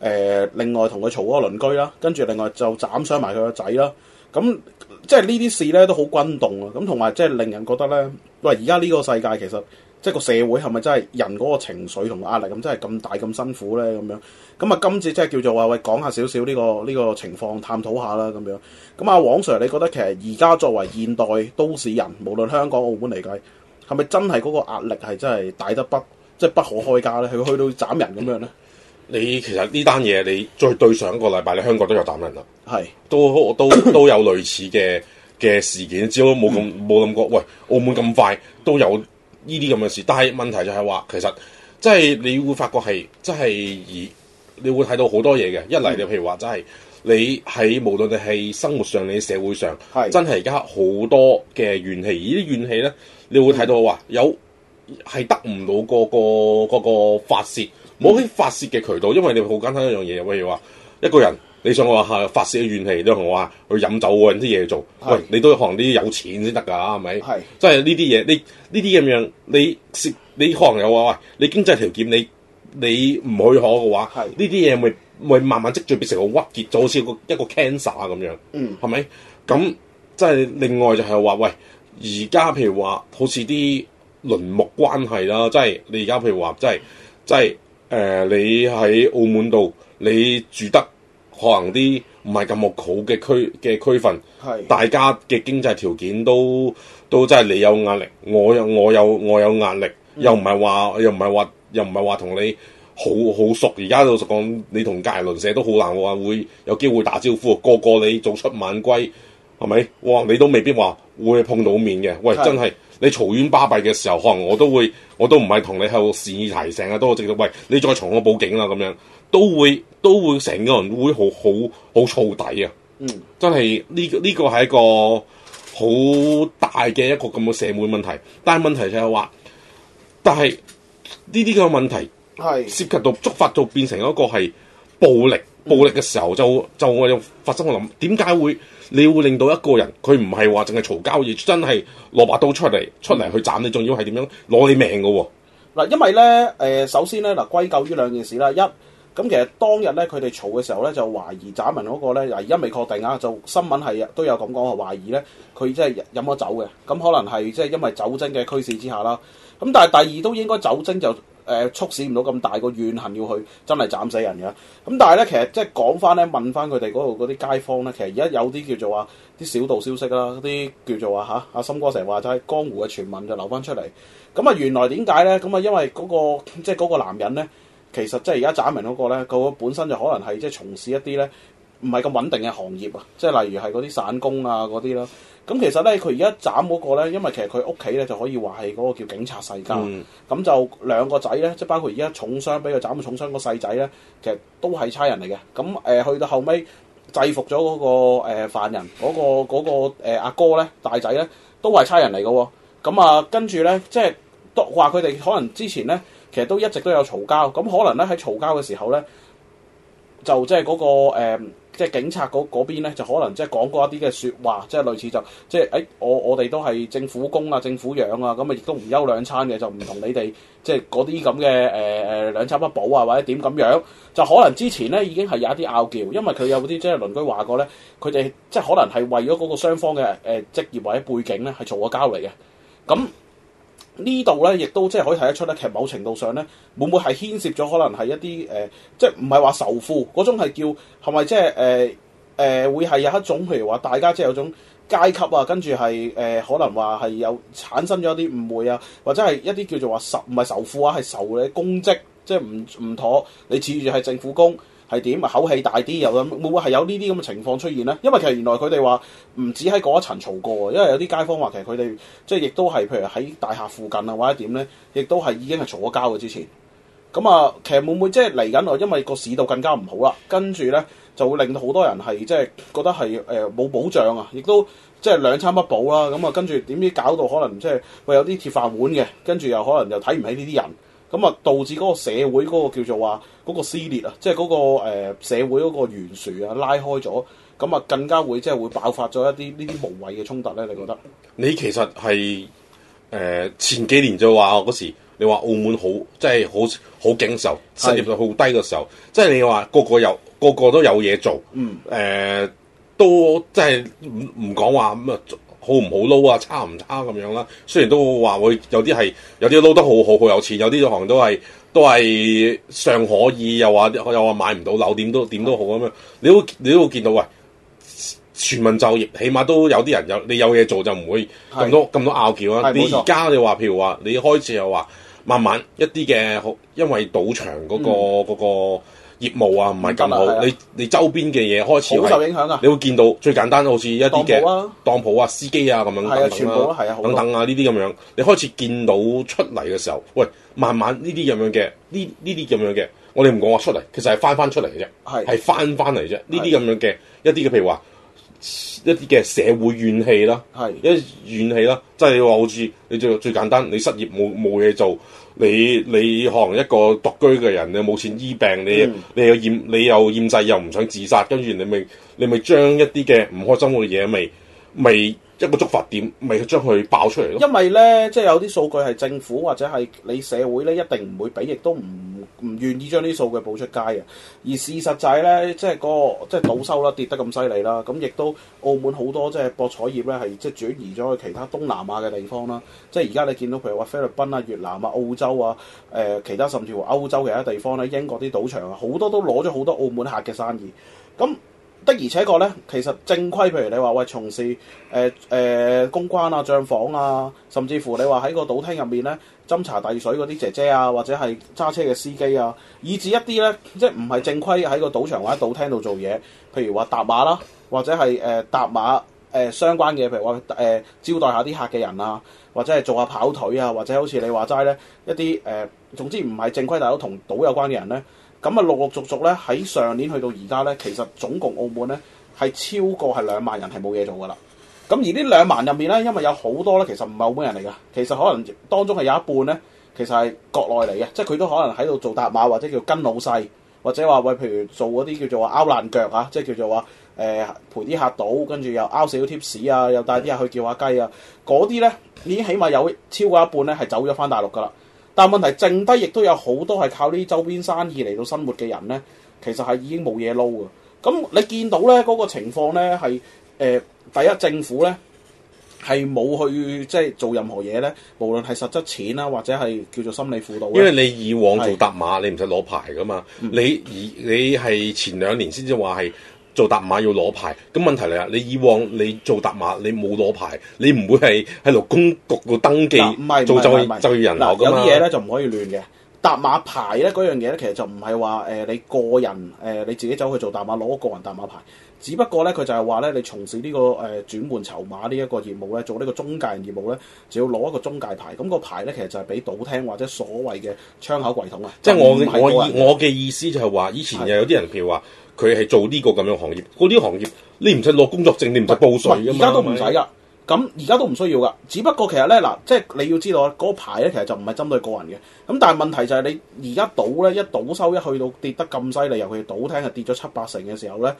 個誒另外同佢嘈嗰個鄰居啦，跟住另外就斬傷埋佢個仔啦，咁。即係呢啲事咧都好轟動啊！咁同埋即係令人覺得咧喂，而家呢個世界其實即係個社會係咪真係人嗰個情緒同壓力咁真係咁大咁辛苦咧？咁樣咁啊，今次即係叫做話喂，講下少少呢個呢、這個情況，探討下啦咁樣。咁啊，往常你覺得其實而家作為現代都市人，無論香港、澳門嚟計，係咪真係嗰個壓力係真係大得不即係、就是、不可開交咧？係去到斬人咁樣咧？你其實呢單嘢，你再對上一個禮拜，你香港都有膽人啦。係是，都都都有類似嘅嘅事件，只不過冇咁冇咁過。喂，澳門咁快都有呢啲咁嘅事，但係問題就係話，其實即係你會發覺係，即係而你會睇到好多嘢嘅。一嚟你譬如話，真係、嗯、你喺無論你係生活上，你社會上，係、嗯、真係而家好多嘅怨氣。依啲怨氣咧，你會睇到話有係得唔到、嗰個、嗰個嗰、嗰個、發泄。冇啲發泄嘅渠道，因為你好簡單一樣嘢，譬如話一個人你想話發泄怨氣，你同我話去飲酒喎，有啲嘢做，是喂，你都要學啲有錢先得噶，係咪？係是，即係呢啲嘢，你呢啲咁樣，你食你，你可能又話，喂，你經濟條件你你唔許可嘅話，係呢啲嘢咪咪慢慢積聚變成個鬱結，咗，好似個一個 cancer 咁樣，嗯，係咪？咁即係另外就係話，喂，而家譬如話好似啲鄰睦關係啦，即係你而家譬如話，即係即係。即即即即即即誒、呃，你喺澳門度，你住得可能啲唔係咁好嘅區嘅區份，是大家嘅經濟條件都都真係你有壓力，我有我有我有壓力，嗯、又唔係話又唔係話又唔係話同你好好熟，而家老實講，你同隔籬鄰舍都好難話會有機會打招呼，個個你早出晚歸，係咪？哇！你都未必話會碰到面嘅，喂，是真係。你嘈冤巴閉嘅時候，可能我都會，我都唔係同你喺度善意提醒啊，都直接喂你再嘈我報警啦咁樣，都會都會成個人會好好好燥底啊！嗯，真，真係呢呢個係、這個、一個好大嘅一個咁嘅社會問題。但係問題就係、是、話，但係呢啲咁嘅問題係是的 涉及到觸發到變成一個係暴力、嗯、暴力嘅時候就，就就我又發生我諗點解會？你會令到一個人，佢唔係話淨係嘈交，而真係攞把刀出嚟出嚟去斬你，仲要係點樣攞你命嘅喎、哦？嗱，因為咧，誒、呃，首先咧，嗱，歸咎於兩件事啦。一咁其實當日咧，佢哋嘈嘅時候咧，就懷疑斬人嗰個咧，嗱，而家未確定啊，就新聞係都有咁講，懷疑咧佢即係飲咗酒嘅，咁可能係即係因為酒精嘅驅使之下啦。咁但係第二都應該酒精就誒、呃、促使唔到咁大個怨恨要去真係斬死人嘅。咁但係咧，其實即係講翻咧，問翻佢哋嗰度嗰啲街坊咧，其實而家有啲叫做話、啊、啲小道消息啦，啲叫做話吓阿森哥成日話就喺江湖嘅傳聞就流翻出嚟。咁、嗯、啊，原來點解咧？咁啊，因為嗰、嗰個即係嗰個男人咧，其實即係而家斬明嗰個咧，佢本身就可能係即係從事一啲咧唔係咁穩定嘅行業啊，即係例如係嗰啲散工啊嗰啲咯。咁其實咧，佢而家斬嗰個咧，因為其實佢屋企咧就可以話係嗰個叫警察世家，咁、嗯、就兩個仔咧，即係包括而家重傷，俾佢斬到重傷嗰細仔咧，其實都係差人嚟嘅。咁誒、呃、去到後尾制服咗嗰、嗰個、呃、犯人，嗰、嗰個嗰阿、嗰個呃、哥咧，大仔咧，都係差人嚟嘅。咁啊，跟住咧，即係話佢哋可能之前咧，其實都一直都有嘈交，咁可能咧，喺嘈交嘅時候咧，就即係嗰、嗰個、呃即係警察嗰邊咧，就可能即係講過一啲嘅説話，即係類似就即係誒，我我哋都係政府工啊，政府養啊，咁啊亦都唔休兩餐嘅，就唔同你哋即係嗰啲咁嘅誒誒兩餐不保啊，或者點咁樣，就可能之前咧已經係有一啲拗撬，因為佢有啲即係鄰居話過咧，佢哋即係可能係為咗嗰個雙方嘅誒職業或者背景咧係嘈過交嚟嘅，咁。呢度咧，亦都即係可以睇得出咧，其實某程度上咧，會唔會係牽涉咗可能係一啲誒、呃，即係唔係話仇富嗰種係叫係咪即係誒誒會係有一種譬如話大家即係有種階級啊，跟住係誒可能話係有產生咗一啲誤會啊，或者係一啲叫做話仇唔係仇富啊，係仇你公職，即係唔唔妥，你似住係政府工。係點啊？口氣大啲又咁會唔會係有呢啲咁嘅情況出現咧？因為其實原來佢哋話唔止喺嗰一層嘈過，因為有啲街坊話其實佢哋即係亦都係譬如喺大廈附近啊或者點咧，亦都係已經係嘈咗交嘅之前。咁、嗯、啊，其實會唔會即係嚟緊啊，因為個市道更加唔好啦，跟住咧就會令到好多人係即係覺得係誒冇保障啊，亦都即係兩餐不保啦。咁、嗯、啊，跟住點知搞到可能即係會有啲鐵飯碗嘅，跟住又可能又睇唔起呢啲人。咁啊，導致嗰個社會嗰個叫做話嗰個撕裂啊，即係嗰個、呃、社會嗰個懸殊啊，拉開咗，咁啊更加會即係、就是、會爆發咗一啲呢啲無謂嘅衝突咧？你覺得？你其實係誒、呃、前幾年就話嗰時，你話澳門好即係好好景嘅時候，失、就是、業就好低嘅時候，即係是的 你話個個有個個都有嘢做，嗯、呃，誒都即係唔唔講話咁啊！好唔好撈啊？差唔差咁樣啦。雖然都話會有啲係有啲撈得好好好有錢，有啲行都係都係尚可以。又話又話買唔到樓，點都點都好咁樣。你都你都會見到喂，全民就業，起碼都有啲人有你有嘢做，就唔會咁多咁多拗撬啦。是你而家你話譬如話你開始又話慢慢一啲嘅，因為賭場嗰個嗰個。嗯業務啊，唔係咁好，你你周邊嘅嘢，開始好受影響啊！你會見到最簡單好似一啲嘅當鋪啊、司機啊咁樣，全部都係啊，等等啊呢啲咁樣，你開始見到出嚟嘅時候，喂，慢慢呢啲咁樣嘅，呢呢啲咁樣嘅，我哋唔講話出嚟，其實係翻翻出嚟嘅啫，係係翻翻嚟啫，呢啲咁樣嘅一啲嘅，譬如話一啲嘅社會怨氣啦，係一怨氣啦，即係你話好似你就最簡單，你失業冇冇嘢做。你你可能一個獨居嘅人，你冇錢醫病，你你又厭，你又厭世，又唔想自殺，跟住你咪你咪將一啲嘅唔開心嘅嘢咪咪。即係個觸發點，咪將佢爆出嚟咯。因為咧，即係有啲數據係政府或者係你社會咧，一定唔會俾，亦都唔唔願意將啲數據報出街啊。而事實就係咧，即係個即係倒收啦，就是、跌得咁犀利啦。咁亦都澳門好多即係博彩業咧，係即係轉移咗去其他東南亞嘅地方啦。即係而家你見到譬如話菲律賓啊、越南啊、澳洲啊、誒、呃、其他甚至乎歐洲其他地方咧，英國啲賭場啊，好多都攞咗好多澳門客嘅生意。咁的而且確咧，其實正規譬如你話喂，從事誒誒、呃呃、公關啊、帳房啊，甚至乎你話喺個賭廳入面咧，斟茶遞水嗰啲姐姐啊，或者係揸車嘅司機啊，以至一啲咧，即係唔係正規喺個賭場或者賭廳度做嘢，譬如話搭馬啦、啊，或者係誒搭馬誒、呃、相關嘅，譬如話誒、呃、招待下啲客嘅人啊，或者係做下跑腿啊，或者好似你話齋咧一啲誒、呃，總之唔係正規但係都同賭有關嘅人咧。咁啊，陸陸續續咧喺上年去到而家咧，其實總共澳門咧係超過係兩萬人係冇嘢做噶啦。咁而呢兩萬入面咧，因為有好多咧，其實唔係澳門人嚟噶。其實可能當中係有一半咧，其實係國內嚟嘅，即係佢都可能喺度做搭馬或者叫跟老細，或者話喂，譬如做嗰啲叫做話拗爛腳啊，即係叫做話誒陪啲客到，跟住又拗死個貼士啊，又帶啲人去叫下雞啊，嗰啲咧已經起碼有超過一半咧係走咗翻大陸噶啦。但問題剩低亦都有好多係靠呢啲周邊生意嚟到生活嘅人咧，其實係已經冇嘢撈㗎。咁你見到咧嗰、那個情況咧係誒第一，政府咧係冇去即係、就是、做任何嘢咧，無論係實質錢啦或者係叫做心理輔導。因為你以往做疊碼，的你唔使攞牌嘅嘛，嗯、你而你係前兩年先至話係。做疊碼要攞牌，咁問題嚟啊！你以往你做疊碼，你冇攞牌，你唔會係喺度公局個登記、啊、做、啊、就業就業人有啲嘢咧就唔可以亂嘅。疊碼牌咧嗰樣嘢咧，其實就唔係話誒你個人誒、呃、你自己走去做疊碼攞個人疊碼牌，只不過咧佢就係話咧你從事呢、呢個誒、呃、轉換籌碼呢一個業務咧，做呢個中介人業務咧，就要攞一個中介牌。咁、嗰個牌咧其實就係俾賭廳或者所謂嘅窗口櫃桶啊。但 即係我我意我嘅意思就係話，以前又有啲人譬如話。佢係做呢個咁樣行業，嗰啲行業你唔使攞工作證，你唔使報稅噶嘛。而家都唔使噶，咁而家都唔需要噶。只不過其實咧嗱，即係你要知道啦，嗰個牌咧其實就唔係針對個人嘅。咁但係問題就係你而家賭咧，一賭收一去到跌得咁犀利，尤其賭廳係跌咗七八成嘅時候咧，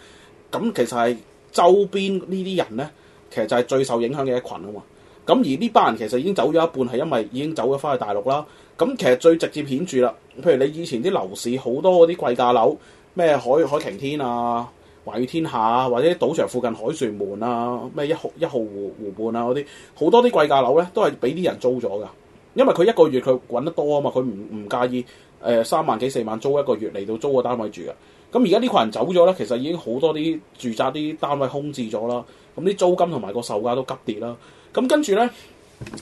咁其實係周邊呢啲人咧，其實就係最受影響嘅一群啊嘛。咁而呢班人其實已經走咗一半，係因為已經走咗翻去大陸啦。咁其實最直接顯著啦，譬如你以前啲樓市好多嗰啲貴價樓。咩海海擎天啊，寰宇天下啊，或者賭場附近海旋門啊，咩一號一號湖湖畔啊嗰啲，好多啲貴價樓咧，都係俾啲人租咗㗎。因為佢一個月佢揾得多啊嘛，佢唔唔介意誒、呃、三萬幾四萬租一個月嚟到租個單位住㗎。咁而家呢群人走咗咧，其實已經好多啲住宅啲單位空置咗啦。咁啲租金同埋個售價都急跌啦。咁跟住咧，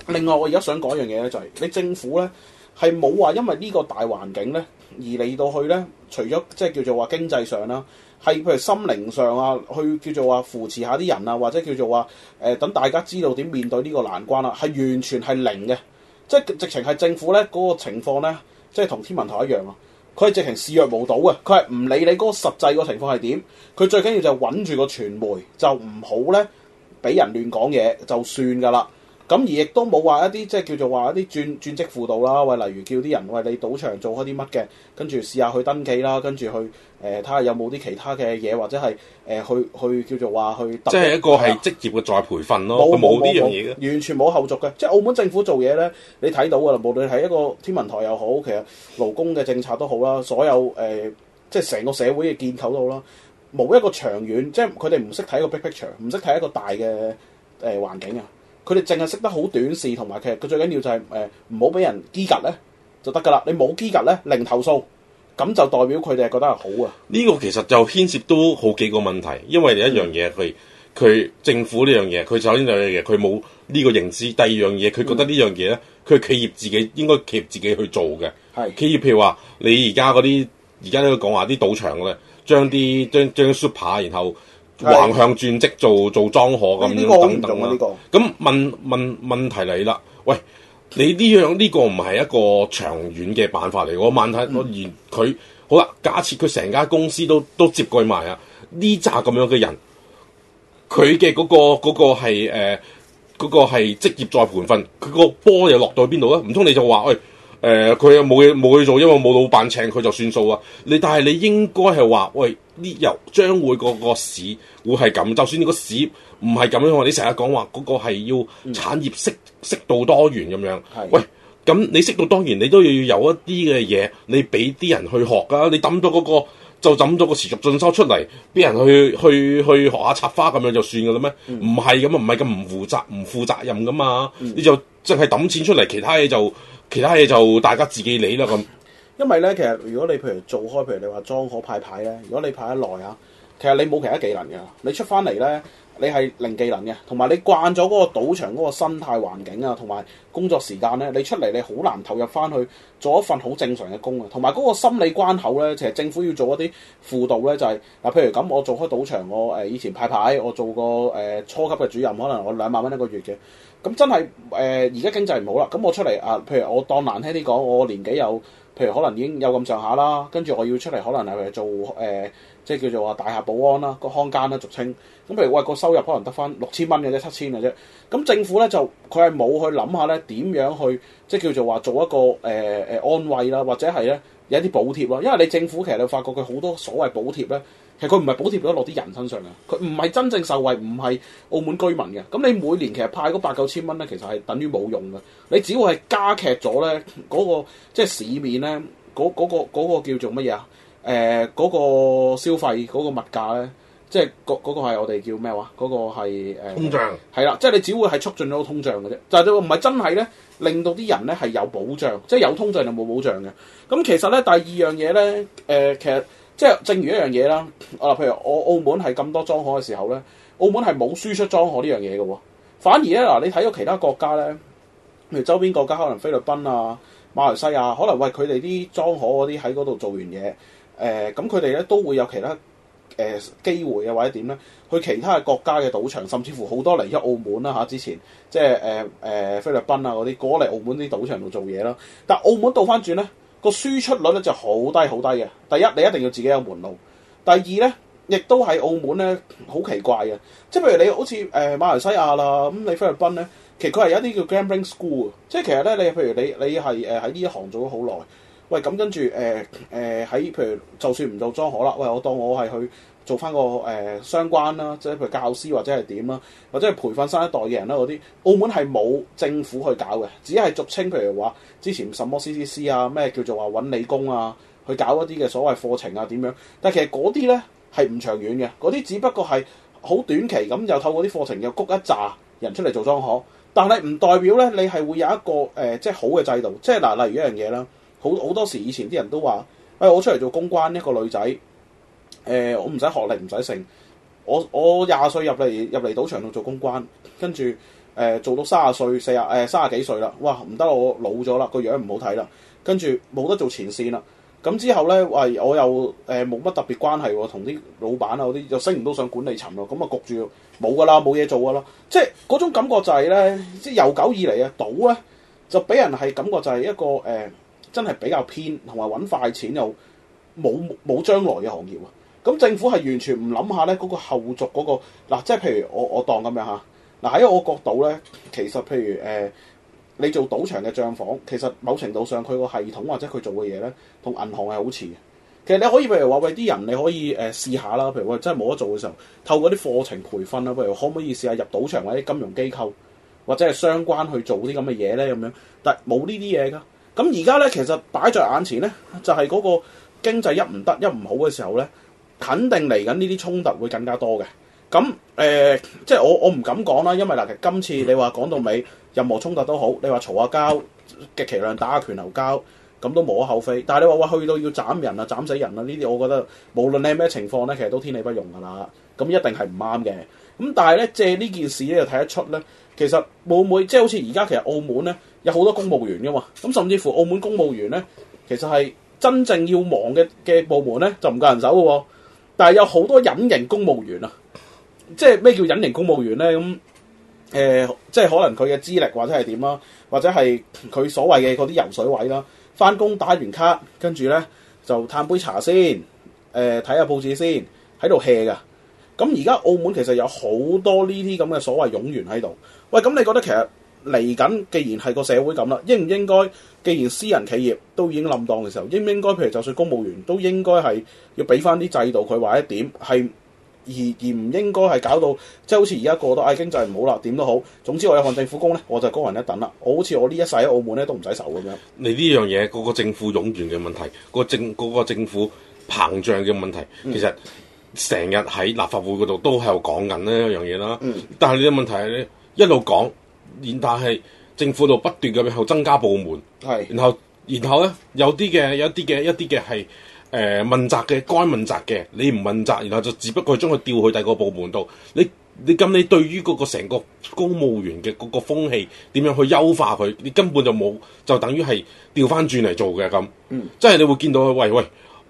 另外我而家想講一樣嘢咧，就係你政府咧係冇話因為呢個大環境咧。而嚟到去咧，除咗即係叫做話經濟上啦，係譬如心靈上啊，去叫做話扶持下啲人啊，或者叫做話誒、呃、等大家知道點面對呢個難關啦、啊，係完全係零嘅，即係直情係政府咧嗰、那個情況咧，即係同天文台一樣啊，佢係直情視若無睹啊，佢係唔理你嗰個實際個情況係點，佢最緊要就穩住個傳媒，就唔好咧俾人亂講嘢就算㗎啦。咁而亦都冇話一啲即係叫做話一啲轉轉職輔導啦，或例如叫啲人喂，你賭場做開啲乜嘅，跟住試下去登記啦，跟住去誒睇下有冇啲其他嘅嘢，或者係誒、呃、去去叫做話去即係一個係職業嘅再培訓咯，冇呢樣嘢嘅，完全冇後續嘅。即係澳門政府做嘢咧，你睇到噶啦，無論係一個天文台又好，其實勞工嘅政策都好啦，所有誒、呃、即係成個社會嘅建構度啦，冇一個長遠，即係佢哋唔識睇一個 picture，唔識睇一個大嘅誒環境啊。佢哋淨係識得好短視，同埋其實佢最緊要就係誒唔好俾人機格咧，就得噶啦。你冇機格咧，零投訴，咁就代表佢哋係覺得好啊。呢個其實就牽涉到好幾個問題，因為有一樣嘢佢佢政府呢樣嘢，佢首先就係嘢，佢冇呢個認知。第二樣嘢，佢覺得呢樣嘢咧，佢、嗯、企業自己應該企業自己去做嘅。的企業譬如話，你而家嗰啲而家都度講話啲賭場咧，將啲將，將 Super 然後。橫向轉職做做裝貨咁樣個等等啦，咁這個 問問問題嚟啦，喂，你呢樣呢個唔係、這個、一個長遠嘅辦法嚟，個問題我而佢好啦，假設佢成間公司都都接據埋啊，呢扎咁樣嘅人，佢嘅嗰個嗰、嗰個係誒嗰個係職業再培訓，佢個波又落到去邊度咧？唔通你就話喂？誒佢又冇嘢冇嘢做，因為冇老闆請佢就算數啊！你但係你應該係話，喂，呢由將會個個市會係咁，就算個市唔係咁樣喎，你成日講話嗰個係要產業適適、嗯、度多元咁樣。的喂，咁你適度多元，你都要有一啲嘅嘢，你俾啲人去學噶，你抌咗嗰個就抌咗個持續進修出嚟，俾人去去去學下插花咁樣就算嘅喇咩？唔係咁啊，唔係咁唔負責唔負責任噶嘛，嗯、你就淨係抌錢出嚟，其他嘢就～其他嘢就大家自己理啦咁。因為咧，其實如果你譬如做開，譬如你話莊荷派牌咧，如果你派得耐嚇，其實你冇其他技能嘅。你出翻嚟咧，你係零技能嘅。同埋你慣咗嗰個賭場嗰個生態環境啊，同埋工作時間咧，你出嚟你好難投入翻去做一份好正常嘅工啊。同埋嗰個心理關口咧，其實政府要做一啲輔導咧，就係、是、嗱，譬如咁，我做開賭場，我誒以前派牌，我做過誒、呃、初級嘅主任，可能我兩萬蚊一個月嘅。咁真係誒，而、呃、家經濟唔好啦。咁我出嚟啊，譬如我當難聽啲講，我年紀有，譬如可能已經有咁上下啦。跟住我要出嚟，可能係做誒、呃，即係叫做話大客保安啦，個康間啦俗稱。咁譬如喂，個收入可能得翻六千蚊嘅啫，七千嘅啫。咁政府咧就佢係冇去諗下咧，點樣去即係叫做話做一個誒誒、呃、安慰啦，或者係咧有一啲補貼啦。因為你政府其實你發覺佢好多所謂補貼咧。其實佢唔係補貼咗落啲人身上嘅，佢唔係真正受惠，唔係澳門居民嘅。咁你每年其實派嗰八九千蚊咧，其實係等於冇用嘅。你只會係加劇咗咧嗰個即係市面咧嗰嗰個叫做乜嘢啊？誒、呃、嗰、嗰個消費嗰、嗰個物價咧，即係嗰嗰個係、嗰個、我哋叫咩話？嗰、嗰個係、呃、通脹係啦，即係你只會係促進咗個通脹嘅啫。但就係唔係真係咧令到啲人咧係有保障，即係有通脹就冇保障嘅。咁其實咧第二樣嘢咧誒其實。即係正如一樣嘢啦，嗱，譬如我澳門係咁多莊荷嘅時候咧，澳門係冇輸出莊荷呢樣嘢嘅喎，反而咧嗱，你睇到其他國家咧，譬如周邊國家可能菲律賓啊、馬來西亞，可能喂佢哋啲莊荷嗰啲喺嗰度做完嘢，誒咁佢哋咧都會有其他誒、呃、機會啊或者點咧，去其他國家嘅賭場，甚至乎好多嚟咗澳門啦、啊、吓，之前即係誒誒菲律賓啊嗰啲過嚟澳門啲賭場度做嘢咯，但澳門倒返轉咧。個輸出率咧就好低好低嘅。第一，你一定要自己有門路。第二咧，亦都係澳門咧好奇怪嘅。即係譬如你好似誒、呃、馬來西亞啦，咁你菲律賓咧，其實佢係有一啲叫 gambling school。即係其實咧，你譬如你你係誒喺呢一行做咗好耐，喂咁跟住誒誒喺譬如就算唔做莊荷啦，喂我當我係去。做翻個誒、呃、相關啦，即係譬如教師或者係點啦，或者係培訓新一代嘅人啦嗰啲。澳門係冇政府去搞嘅，只係俗稱佢話之前什麼 C C C 啊，咩叫做話揾理工啊，去搞一啲嘅所謂課程啊點樣。但係其實嗰啲咧係唔長遠嘅，嗰啲只不過係好短期咁又透過啲課程又谷一紮人出嚟做裝可，但係唔代表咧你係會有一個誒、呃、即係好嘅制度。即係嗱、呃，例如一樣嘢啦，好好多時以前啲人都話，喂、哎，我出嚟做公關一個女仔。誒、呃，我唔使學歷，唔使成。我我廿歲入嚟入嚟賭場度做公關，跟住誒做到卅歲四啊誒卅幾歲啦，哇唔得我老咗啦，個樣唔好睇啦，跟住冇得做前線啦，咁之後咧喂我又誒冇乜特別關係喎，同啲老闆啊嗰啲就升唔到上管理層咯，咁啊焗住冇噶啦，冇嘢做噶啦，即係嗰種感覺就係咧，即係由久以嚟啊，賭咧就俾人係感覺就係一個誒、呃、真係比較偏同埋揾快錢又冇冇將來嘅行業啊！咁政府係完全唔諗下咧嗰個後續嗰、那個嗱、啊，即係譬如我我當咁樣吓。嗱、啊、喺我角度咧，其實譬如誒、呃、你做賭場嘅帳房，其實某程度上佢個系統或者佢做嘅嘢咧，同銀行係好似嘅。其實你可以譬如話喂啲人，你可以誒試、呃、下啦。譬如我真係冇得做嘅時候，透過啲課程培訓啦，譬如可唔可以試下入賭場或者金融機構或者係相關去做啲咁嘅嘢咧咁樣，但係冇呢啲嘢㗎。咁而家咧，其實擺在眼前咧，就係、是、嗰個經濟一唔得一唔好嘅時候咧。肯定嚟緊呢啲衝突會更加多嘅，咁誒，即係我我唔敢講啦，因為嗱，其今次你話講到尾，任何衝突都好，你話嘈下交，極其量打下拳頭交，咁都無可厚非。但係你話哇去到要斬人啊、斬死人啊，呢啲我覺得無論你係咩情況咧，其實都天理不容噶啦，咁一定係唔啱嘅。咁但係咧，借呢件事咧，又睇得出咧，其實會唔會即係好似而家其實澳門咧有好多公務員嘅嘛，咁甚至乎澳門公務員咧，其實係真正要忙嘅嘅部門咧，就唔夠人手嘅喎。但係有好多隱形公務員啊，即係咩叫隱形公務員咧？咁、嗯、誒、呃，即係可能佢嘅資歷或者係點啦，或者係佢所謂嘅嗰啲游水位啦，翻工打完卡，跟住咧就嘆杯茶先，誒睇下報紙先，喺度 hea 噶。咁而家澳門其實有好多呢啲咁嘅所謂冗員喺度。喂，咁、嗯、你覺得其實？嚟緊，既然係個社會咁啦，應唔應該？既然私人企業都已經冧檔嘅時候，應唔應該？譬如就算公務員，都應該係要俾翻啲制度佢話一點，係而而唔應該係搞到即係好似而家過到唉經濟唔好啦，點都好，總之我有份政府工咧，我就高人一等啦。我好似我呢一世喺澳門咧都唔使愁咁樣。你呢樣嘢，嗰個政府擁權嘅問題，個政嗰個政府膨脹嘅問題，其實成日喺立法會嗰度都喺度講緊呢一樣嘢啦。嗯、但係你嘅問題係咧，一路講，然但係政府度不斷咁樣去增加部門，是然後然後咧有啲嘅有啲嘅一啲嘅係誒問責嘅該問責嘅，你唔問責，然後就只不過係將佢調去第二個部門度。你你咁你對於嗰個成個公務員嘅嗰個風氣點樣去優化佢？你根本就冇就等於係調翻轉嚟做嘅咁，嗯、即係你會見到佢喂喂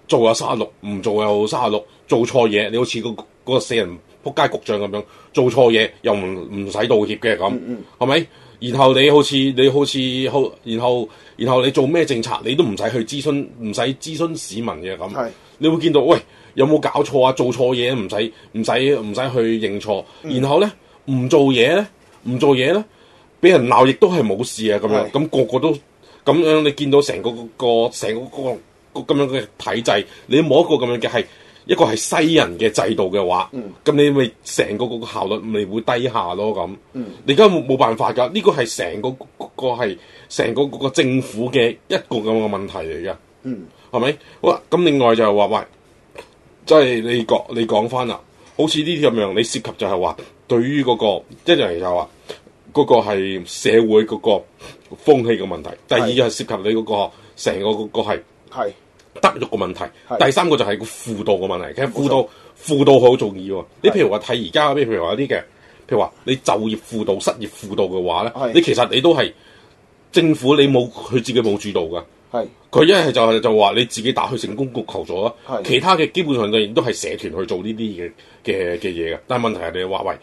做又卅六，唔做又卅六，做錯嘢你好似個、嗰個死人。撲街局長咁樣做錯嘢又唔唔使道歉嘅咁，係咪、嗯嗯？然後你好似你好似好，然後然後你做咩政策你都唔使去諮詢，唔使諮詢市民嘅咁。是你會見到喂有冇搞錯啊？做錯嘢唔使唔使唔使去認錯。嗯、然後咧唔做嘢咧唔做嘢咧，俾人鬧亦都係冇事啊咁樣。咁是個個都咁樣，你見到成個個成個個咁樣嘅體制，你冇一個咁樣嘅係。一個係西人嘅制度嘅話，咁、嗯、你咪成個嗰個效率咪會低下咯咁。嗯、你而家冇冇辦法噶？呢、這個係成個個係成個個政府嘅一個咁嘅問題嚟噶，係咪、嗯？好啦，咁另外就係話喂，即、就、係、是、你講你講翻啦，好似呢啲咁樣，你涉及就係話對於嗰、那個，一樣就係就話嗰個係社會嗰個風氣嘅問題，第二就係涉及你嗰、那個成是的 個嗰個係。德育個問題，的第三個就係個輔導嘅問題。其實輔導輔錯導好重要喎。你譬如話睇而家，譬如話有啲嘅，譬如話你就業輔導、失業輔導嘅話咧，的你其實你都係政府你冇佢自己冇主導噶。係佢一係就係就話你自己打去成功局求助啊。的其他嘅基本上就都係社團去做呢啲嘅嘅嘅嘢嘅。但係問題係你話喂，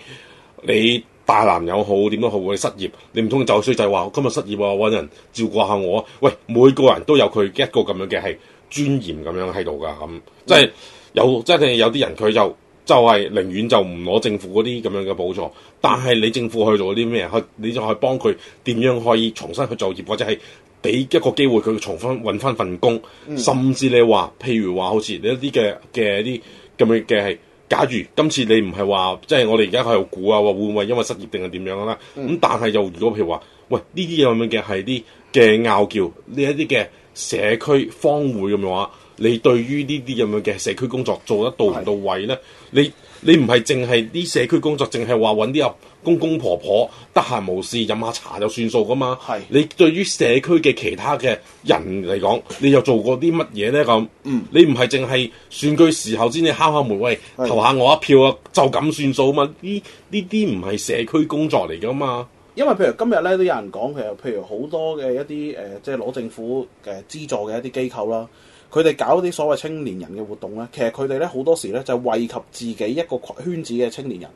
你大男又好點都好，你失業，你唔通就衰仔就話今日失業揾人照顧下我啊。」喂，每個人都有佢一個咁樣嘅係。尊嚴咁樣喺度㗎咁，即係有即係有啲人佢就就係、是、寧願就唔攞政府嗰啲咁樣嘅補助，但係你政府去做啲咩？去你就去幫佢點樣可以重新去就業，或者係俾一個機會佢重新揾翻份工，甚至你話譬如話好似你一啲嘅嘅啲咁嘅嘅係，假如今次你唔係話即係我哋而家喺度估啊，話會唔會因為失業定係點樣啦？咁、嗯、但係又如果譬如話，喂呢啲嘢咁樣嘅係啲嘅拗撬呢一啲嘅。社區坊會咁樣話，你對於呢啲咁樣嘅社區工作做得到唔到位呢？的你你唔係淨係啲社區工作，淨係話揾啲阿公公婆婆得閒無事飲下茶就算數噶嘛？係的你對於社區嘅其他嘅人嚟講，你又做過啲乜嘢呢？咁？嗯，你唔係淨係選舉時候先你敲下門，喂投下我一票啊，就咁算數啊嘛？呢呢啲唔係社區工作嚟噶嘛？因為譬如今日咧都有人講其實譬如好多嘅一啲誒即係攞政府嘅資助嘅一啲機構啦，佢哋搞啲所謂青年人嘅活動咧，其實佢哋咧好多時咧就惠及自己一個圈子嘅青年人，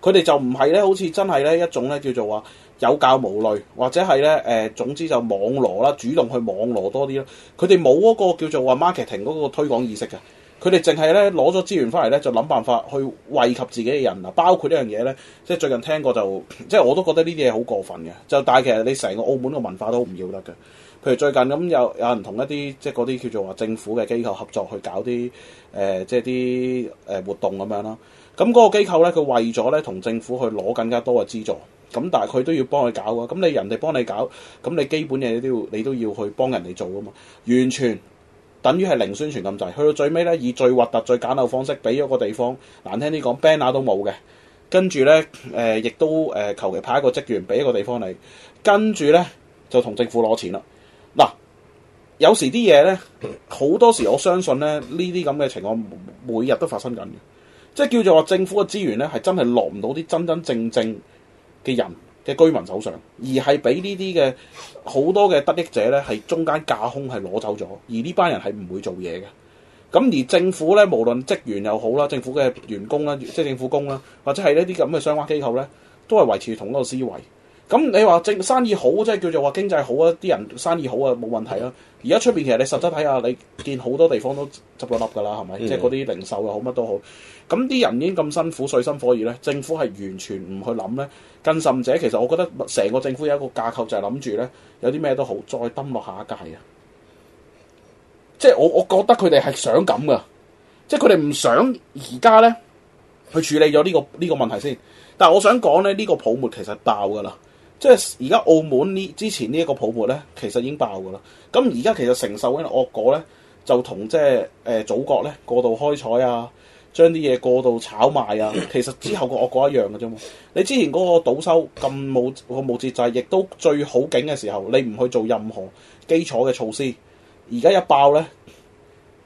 佢哋就唔係咧好似真係咧一種咧叫做話有教無類，或者係咧誒總之就網羅啦，主動去網羅多啲啦，佢哋冇嗰個叫做話 marketing 嗰個推廣意識嘅。佢哋淨係咧攞咗資源翻嚟咧，就諗辦法去惠及自己嘅人啦。包括呢樣嘢咧，即係最近聽過就，即係我都覺得呢啲嘢好過分嘅。就但係其實你成個澳門嘅文化都唔要得嘅。譬如最近咁有有人同一啲即係嗰啲叫做話政府嘅機構合作去搞啲誒、呃、即係啲誒活動咁樣啦。咁、嗯、嗰、嗰個機構咧，佢為咗咧同政府去攞更加多嘅資助，咁、嗯、但係佢都要幫佢搞嘅。咁、嗯、你人哋幫你搞，咁、嗯、你基本嘢都要你都要去幫人哋做啊嘛，完全。等於係零宣傳咁滯，去到最尾咧，以最核突、最簡陋方式俾一個地方，難聽啲講 banner 都冇嘅，跟住咧誒，亦、呃、都誒求其派一個職員俾一個地方嚟。呢跟住咧就同政府攞錢啦。嗱，有時啲嘢咧好多時，我相信咧呢啲咁嘅情況，每日都發生緊嘅，即係叫做話政府嘅資源咧係真係落唔到啲真真正正嘅人，嘅居民手上，而係俾呢啲嘅好多嘅得益者咧，係中間架空，係攞走咗，而呢班人係唔會做嘢嘅。咁而政府咧，無論職員又好啦，政府嘅員工啦，即係政府工啦，或者係呢啲咁嘅相關機構咧，都係維持同一個思維。咁你話政生意好，即係叫做話經濟好啊！啲人生意好啊，冇問題啊。而家出邊其實你實質睇下，你見好多地方都執咗笠噶啦，係咪？嗯、即係嗰啲零售又好，乜都好。咁啲人已經咁辛苦，水深火熱咧，政府係完全唔去諗咧。更甚者，其實我覺得成個政府有一個架構就係諗住咧，有啲咩都好，再登錄下，下一屆啊。即係我我覺得佢哋係想咁噶，即係佢哋唔想而家咧去處理咗呢個呢個問題先。但係我想講咧，呢個泡沫其實爆噶啦。即係而家澳門呢？之前呢一個泡沫咧，其實已經爆噶啦。咁而家其實承受緊惡果咧，就同即係誒祖國咧過度開採啊，將啲嘢過度炒賣啊，其實之後個惡果一樣嘅啫嘛。你之前嗰個賭收咁冇個冇節制，亦都最好景嘅時候，你唔去做任何基礎嘅措施，而家一爆咧，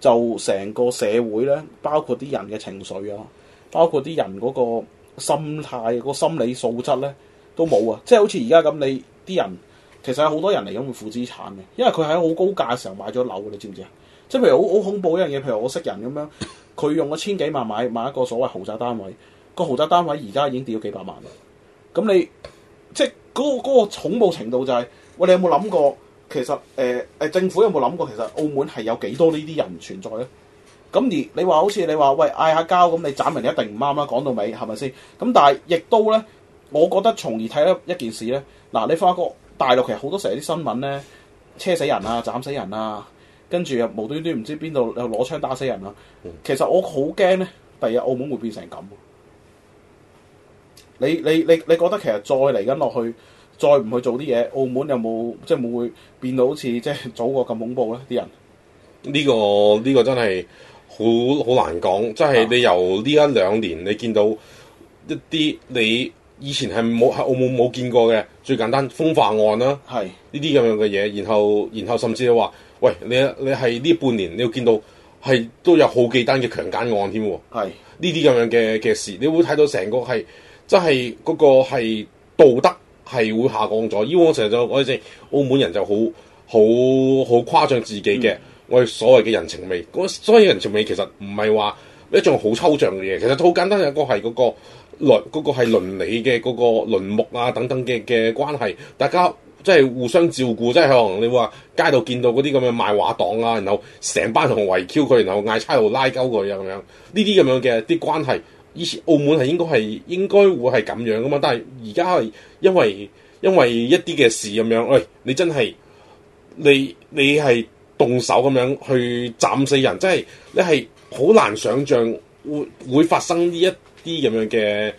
就成個社會咧，包括啲人嘅情緒啊，包括啲人嗰個心態、個心理素質咧。都冇啊！即係好似而家咁，你啲人其實有好多人嚟咁負資產嘅，因為佢喺好高價嘅時候買咗樓，你知唔知啊？即係譬如好好恐怖一樣嘢，譬如我識人咁樣，佢用咗千幾萬買買一個所謂豪宅單位，個豪宅單位而家已經跌咗幾百萬啦。咁你即係嗰個嗰個恐怖程度就係，喂，你有冇諗過？其實誒誒，政府有冇諗過？其實澳門係有幾多呢啲人存在咧？咁而你話好似你話喂嗌下交咁，你斬人一定唔啱啦。講到尾係咪先？咁但係亦都咧。我覺得從而睇一一件事咧，嗱，你發覺大陸其實好多成日啲新聞咧，車死人啊，斬死人啊，跟住又無端端唔知邊度又攞槍打死人啊。其實我好驚咧，第日澳門會變成咁。你你你你覺得其實再嚟緊落去，再唔去做啲嘢，澳門有冇即係冇會變到好似即係早嗰咁恐怖咧？啲人呢、呢個呢、呢個真係好好難講，即係你由呢一兩、啊、年你見到一啲你。以前係冇喺澳門冇見過嘅，最簡單風化案啦、啊，呢啲咁樣嘅嘢，然後然後甚至係話，喂你你係呢半年，你要見到係都有好幾單嘅強姦案添、啊，呢啲咁樣嘅嘅事，你會睇到成個係真係嗰個係道德係會下降咗。因為我成日就我哋澳門人就好好好誇張自己嘅、嗯、我哋所謂嘅人情味。所謂嘅人情味其實唔係話一種好抽象嘅嘢，其實好簡單，一個係嗰、嗰個。來嗰個係倫理嘅嗰個倫睦啊等等嘅嘅關係，大家即係互相照顧，即係可能你話街度見到嗰啲咁嘅賣畫檔啊，然後成班人圍 Q 佢，然後嗌差佬拉鳩佢啊咁樣，呢啲咁樣嘅啲關係，以前澳門係應該係應該會係咁樣噶嘛，但係而家係因為因為一啲嘅事咁樣，喂、哎，你真係你你係動手咁樣去斬死人，即係你係好難想像會會，會發生呢一啲咁樣嘅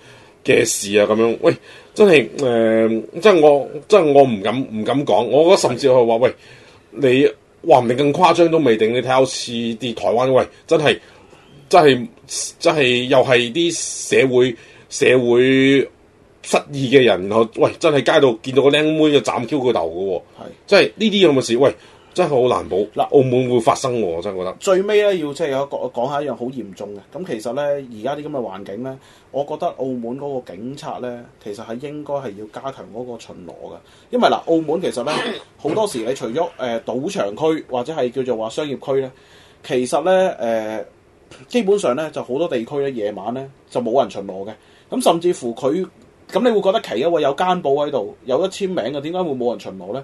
嘅事啊，咁樣喂，真係誒、呃，真我真我唔敢唔敢講，我覺得甚至係話喂，你話唔定咁誇張都未定，你睇下似啲台灣喂，真係真係真係又係啲社會社會失意嘅人，然後喂真係街度見到個靚妹就斬 Q 佢頭嘅喎，係是的，即係呢啲咁嘅事？喂。真係好難保嗱，啦澳門會發生喎，我真係覺得。最尾咧，要即係有一個講下一樣好嚴重嘅。咁其實咧，而家啲咁嘅環境咧，我覺得澳門嗰個警察咧，其實係應該係要加強嗰個巡邏嘅。因為嗱，澳門其實咧好多時，你除咗誒、呃、賭場區或者係叫做話商業區咧，其實咧誒、呃、基本上咧就好多地區咧夜晚咧就冇人巡邏嘅。咁甚至乎佢咁，你會覺得奇啊！我有監簿喺度，有得簽名嘅，點解會冇人巡邏咧？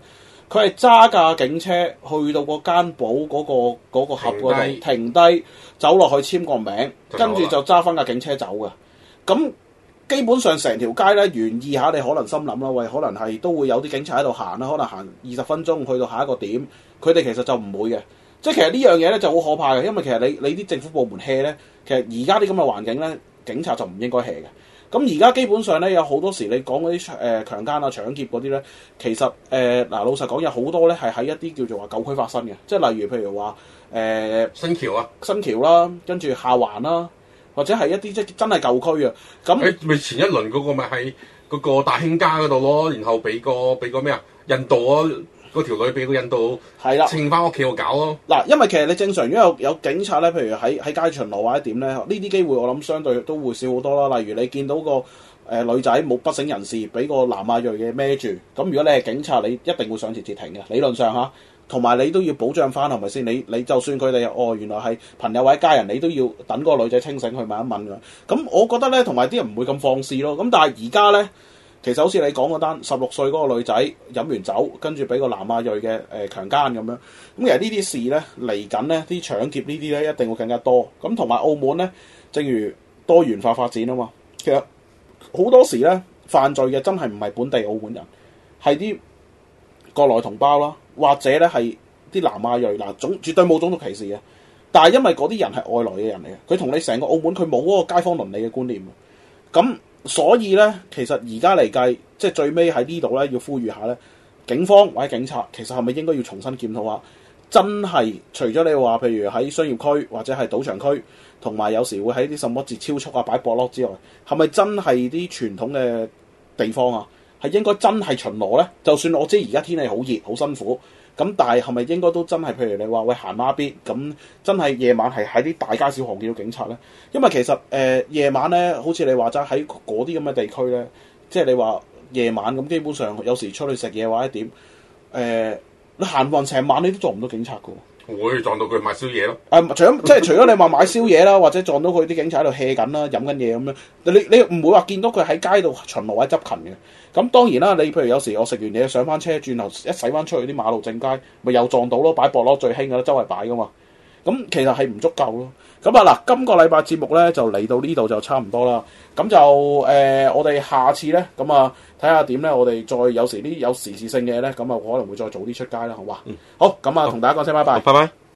佢係揸架警車去到嗰間寶嗰個盒嗰度停低，走落去簽個名，跟住就揸翻架警車走嘅。咁基本上成條街咧，原意下你可能心諗啦，喂，可能係都會有啲警察喺度行啦，可能行二十分鐘去到下一個點，佢哋其實就唔會嘅。即係其實呢樣嘢咧就好可怕嘅，因為其實你你啲政府部門 hea 咧，其實而家啲咁嘅環境咧，警察就唔應該 hea 嘅。咁而家基本上咧，有好多時你講嗰啲誒強姦啊、搶劫嗰啲咧，其實誒嗱、呃、老實講，有好多咧係喺一啲叫做話舊區發生嘅，即係例如譬如話誒、呃、新橋啊、新橋啦、啊，跟住下環啦、啊，或者係一啲即真係舊區啊。咁誒咪前一輪嗰個咪喺嗰個大興家嗰度咯，然後俾個俾個咩啊印度啊？嗰條女俾個印度係啦，清翻屋企我搞咯。嗱，因為其實你正常，如果有，有警察咧，譬如喺喺街巡邏或者點咧，呢啲機會我諗相對都會少好多啦。例如你見到個誒、呃、女仔冇不省人事，俾個南亞裔嘅孭住，咁、嗯、如果你係警察，你一定會上前截停嘅。理論上吓，同埋你都要保障翻，係咪先？你你就算佢哋哦，原來係朋友或者家人，你都要等個女仔清醒去問一問㗎。咁、嗯、我覺得咧，同埋啲人唔會咁放肆咯。咁但係而家咧。其實好似你講嗰單十六歲嗰個女仔飲完酒，跟住俾個南亞裔嘅誒、呃、強姦咁樣。咁其實呢啲事咧嚟緊咧，啲搶劫呢啲咧一定會更加多。咁同埋澳門咧，正如多元化發展啊嘛。其實好多時咧，犯罪嘅真係唔係本地澳門人，係啲國內同胞啦，或者咧係啲南亞裔嗱，總絕對冇種族歧視嘅。但係因為嗰啲人係外來嘅人嚟嘅，佢同你成個澳門佢冇嗰個街坊倫理嘅觀念。咁所以咧，其實而家嚟計，即係最尾喺呢度咧，要呼籲下咧，警方或者警察，其實係咪應該要重新檢討啊？真係除咗你話，譬如喺商業區或者係賭場區，同埋有時會喺啲什麼節超速啊、擺博落之外，係咪真係啲傳統嘅地方啊？係應該真係巡邏咧？就算我知而家天氣好熱，好辛苦。咁但係係咪應該都真係？譬如你話喂行孖咇，咁真係夜晚係喺啲大街小巷見到警察咧？因為其實誒、呃、夜晚咧，好似你話齋喺嗰啲咁嘅地區咧，即係你話夜晚咁，基本上有時出去食嘢或者點誒，你、呃、行運成晚你都撞唔到警察㗎喎，會撞到佢買宵夜咯。誒、啊，除咗 即係除咗你話買宵夜啦，或者撞到佢啲警察喺度 hea 緊啦、飲緊嘢咁樣，你你唔會話見到佢喺街度巡邏或者執勤嘅。咁當然啦，你譬如有時我食完嘢上翻車，轉頭一駛翻出去啲馬路正街，咪又撞到咯，擺博囉最輕噶啦，周圍擺噶嘛。咁其實係唔足夠咯。咁啊嗱，今個禮拜節目咧就嚟到呢度就差唔多啦。咁就誒、呃，我哋下次咧咁啊，睇下點咧，我哋再有時啲有，有時事性嘅嘢咧，咁啊可能會再早啲出街啦，好嘛？嗯、好，咁啊好同大家講聲拜拜。拜拜。Bye bye